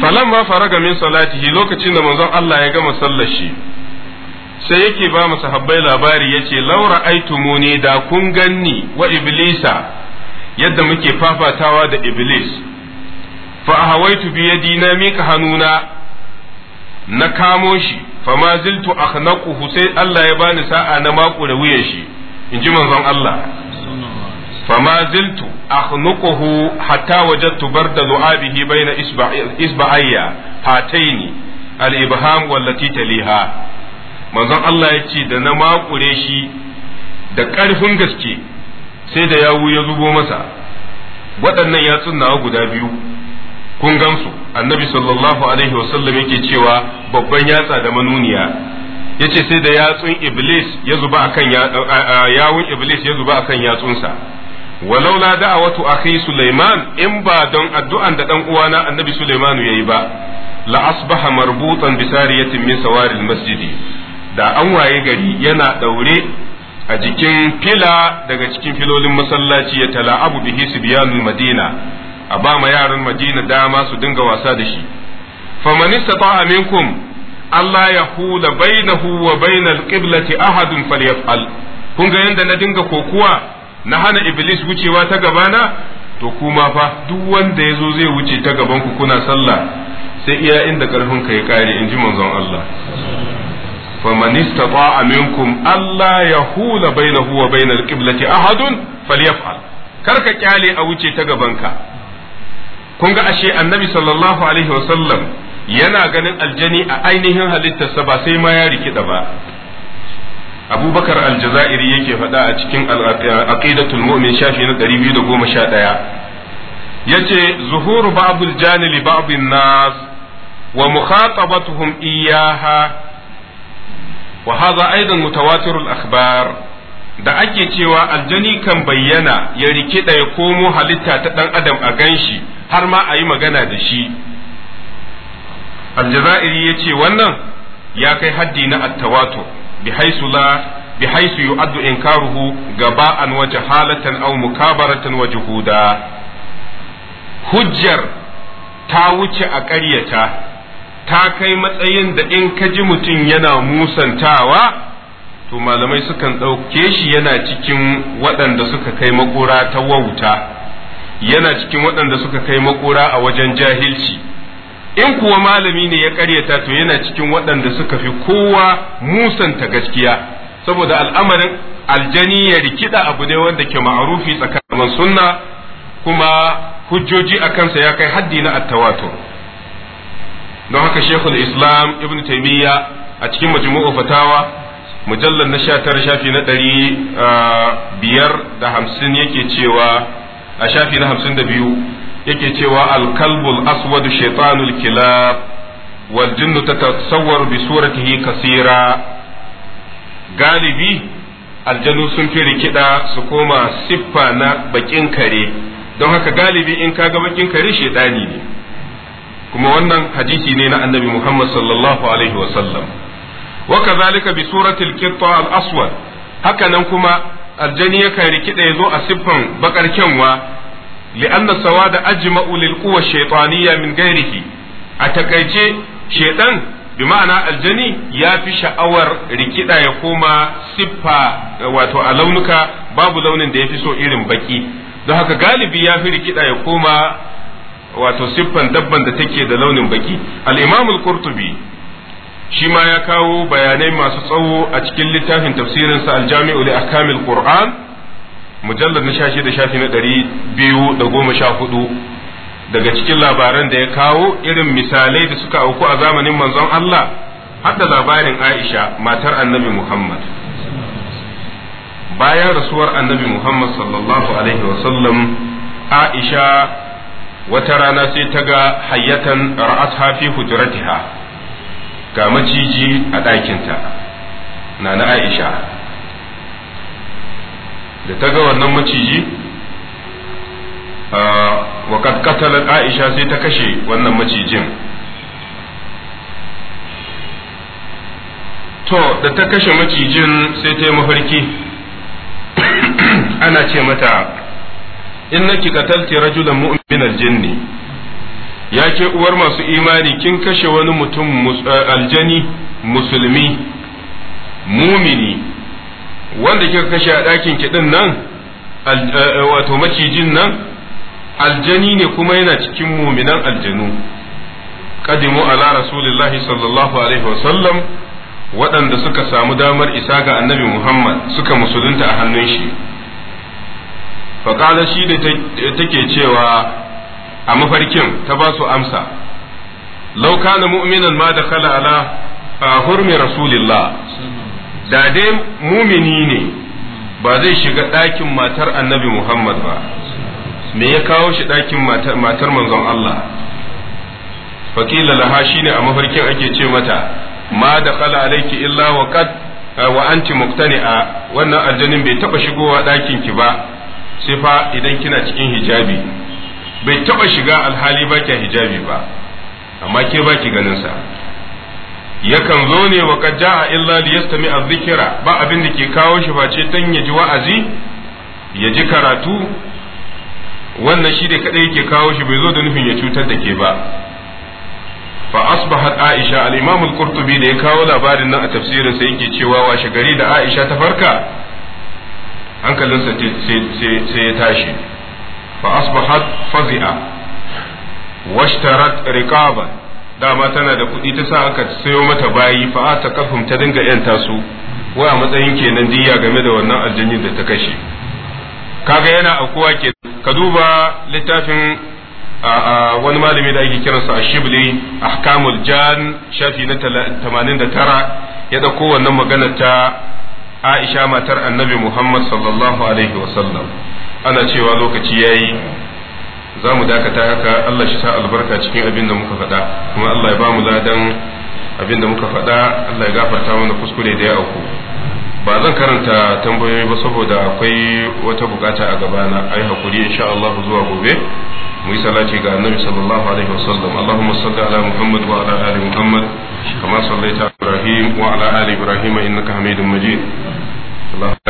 falamma faraga min salatihi lokacin da manzon Allah ya gama sallar shi sai yake ba mu sahabbai labari yace laura aitumuni da kun ganni wa iblisa yadda muke fafatawa da iblis fa ahawaitu bi yadi na mika hannuna na kamo shi fa ma ziltu akhnaquhu sai Allah ya bani sa'a na mako da wuyan shi in ji manzon Allah fama ziltu akhnuquhu hatta tubar da lu'abihi baina isba'ayya hataini al-ibham wallati taliha manzon Allah ya ce da na makure shi da ƙarfin gaske sai da yawu ya zubo masa waɗannan yatsun nawa guda biyu kun gansu annabi sallallahu alaihi wasallam yake cewa babban yatsa da manuniya yace sai da yatsun iblis ya zuba akan yawun iblis ya zuba akan yatsunsa walaula da'awatu akhi Sulaiman in ba don addu'an da dan uwana Annabi Sulaiman yayi ba la asbaha marbutan bi sariyatin min sawaril masjidi da an waye gari yana daure a jikin fila daga cikin filolin masallaci ya tala'abu bihi sibyanul madina a ba ma yaran madina dama su dinga wasa da shi famanista istata'a minkum Allah ya hula bainahu wa bainal qiblati ahadun falyaf'al kun ga yadda na dinga kokuwa na hana iblis wucewa ta gabana to kuma fa duk wanda ya zo zai wuce ta gaban ku kuna sallah sai iya inda karfin ka ya kare in ji manzon Allah faman istata'a minkum Allah ya hula bainahu wa bainal qiblati ahadun falyaf'al kar ka kyale a wuce ta gaban ka kun ga ashe annabi sallallahu alaihi sallam. yana ganin aljani a ainihin halittarsa ba sai ma ya rikida ba abubakar aljazairi yake faɗa a cikin aqidatul mu'min shafi na 211 yace zuhuru ba'dul jani li ba'din nas wa mukhatabatuhum iyyaha wa hadha aidan mutawatirul akhbar da ake cewa aljani kan bayyana ya rikida ya komo halitta ta dan adam a ganshi har ma a yi magana da shi aljazairi ya ce wannan ya kai haddi na attawato bi haisu la bi haisu yu'addu inkaruhu an wa jahalatan aw mukabaratan wa juhuda hujjar ta wuce a ƙaryata ta kai matsayin da in ka ji mutum yana musantawa to malamai sukan ɗauke shi yana cikin waɗanda suka kai makura ta wauta yana cikin waɗanda suka kai makura a wajen jahilci in kuwa malami ne ya karyata to yana cikin waɗanda suka fi kowa musanta gaskiya saboda al'amarin aljani ya rikida abu ne wanda ke ma'arufi tsakanin sunna kuma hujjoji a kansa ya kai haddi na wato. don haka shekul islam ibn taimiyya a cikin majmu'u fatawa mujallar na sha tara shafi na ɗari ah, biyar da hamsin yake cewa a shafi na hamsin da biyu yake cewa alkalbul aswadu shaitanul kilab wal jinnu tatasawwaru bi suratihi kasira galibi aljanu sun fi rikida su koma siffa na bakin kare don haka galibi in kaga bakin kare shaitani ne kuma wannan hadisi ne na annabi Muhammad sallallahu alaihi wa sallam wa kadhalika bi suratil qitta al aswad haka nan kuma aljani yakan rikida yazo a siffan bakar kyanwa li'anna da ajma'u lil quwwa shaytaniyya min ghairihi a takaice shaytan bi aljani ya fi sha'awar rikida ya koma siffa wato a launuka babu launin da ya fi so irin baki don haka galibi ya fi rikida ya koma wato siffan dabban da take da launin baki al-imam al-qurtubi ya kawo bayanai masu tsawo a cikin littafin tafsirinsa al-jami'u li ahkamil qur'an mujallar na shashi da shafi na ɗari biyu da goma sha hudu daga cikin labaran da ya kawo irin misalai da suka auku a zamanin manzon Allah da labarin Aisha matar annabi Muhammad bayan rasuwar annabi Muhammad sallallahu alaihi sallam Aisha wata rana sai ta ga hayyatan ra'atha fi hujratiha ga maciji a ɗakinta na na Aisha da ta ga wannan maciji wa katkatar aisha sai ta kashe wannan macijin to da ta kashe macijin sai ta yi mafarki ana ce mata innaki qatalti rajulan mu'min aljanni ya ke uwar masu imani kin kashe wani mutum aljani musulmi mumini wanda kika kashe a ɗakin ki nan eh, eh, wato macijin nan aljani ne kuma yana cikin muminan aljanu qadimu ala rasulillahi sallallahu alaihi sallam waɗanda suka samu damar isa ga annabi muhammad suka musulunta a hannun shi faƙala shi da take cewa a mafarkin ta ba su amsa Lauka kana mu'minan ma da kala ala ah, hurmi rasulillah da dai mumini ne ba zai shiga ɗakin matar annabi Muhammad ba me ya kawo shi ɗakin matar manzon Allah fakila laha shine a mafarkin ake ce mata ma da kala alaiki illa wa qad eh, wa anti wannan aljanin bai taba shigowa ɗakin ki ba sai fa idan kina cikin hijabi bai taba shiga alhali ba hijabi ba amma ke ba ki ganin sa yakan zo ne wa kaja a illa liyastami mi ba abin da ke kawo shi face don ya ji wa'azi ya ji karatu wannan shi da kadai yake kawo shi bai zo da nufin ya cutar da ke ba fa asbaha aisha al-imam al-qurtubi da ya kawo labarin nan a tafsirin sa yake cewa washe gari da aisha ta farka hankalinsa sai ya tashi fa asbahat fazi'a washtarat riqaban dama tana da kuɗi ta sa aka sayo mata bayi fa ta kafin ta dinga yanta su wa a matsayin kenan jiya game da wannan aljanyin da ta kashe kaga yana akuwa ke ka duba littafin wani malami da ake kiransa a shibli ahkamul jan shafi na 89 ya da kowannan magana ta Aisha matar Annabi Muhammad sallallahu alaihi wasallam ana cewa lokaci ya yi. za mu dakata haka Allah shi sa albarka cikin abin da muka faɗa kuma Allah ya ba mu ladan abin da muka faɗa Allah ya gafarta mana kuskure da ya auku ba zan karanta tambayoyi ba saboda akwai wata bukata a gabana ai hakuri insha Allah zuwa gobe mu yi salati ga annabi sallallahu alaihi wasallam Allahumma salli ala Muhammad wa ala ali Muhammad kama sallaita Ibrahim wa ala ali Ibrahim innaka Hamidum Majid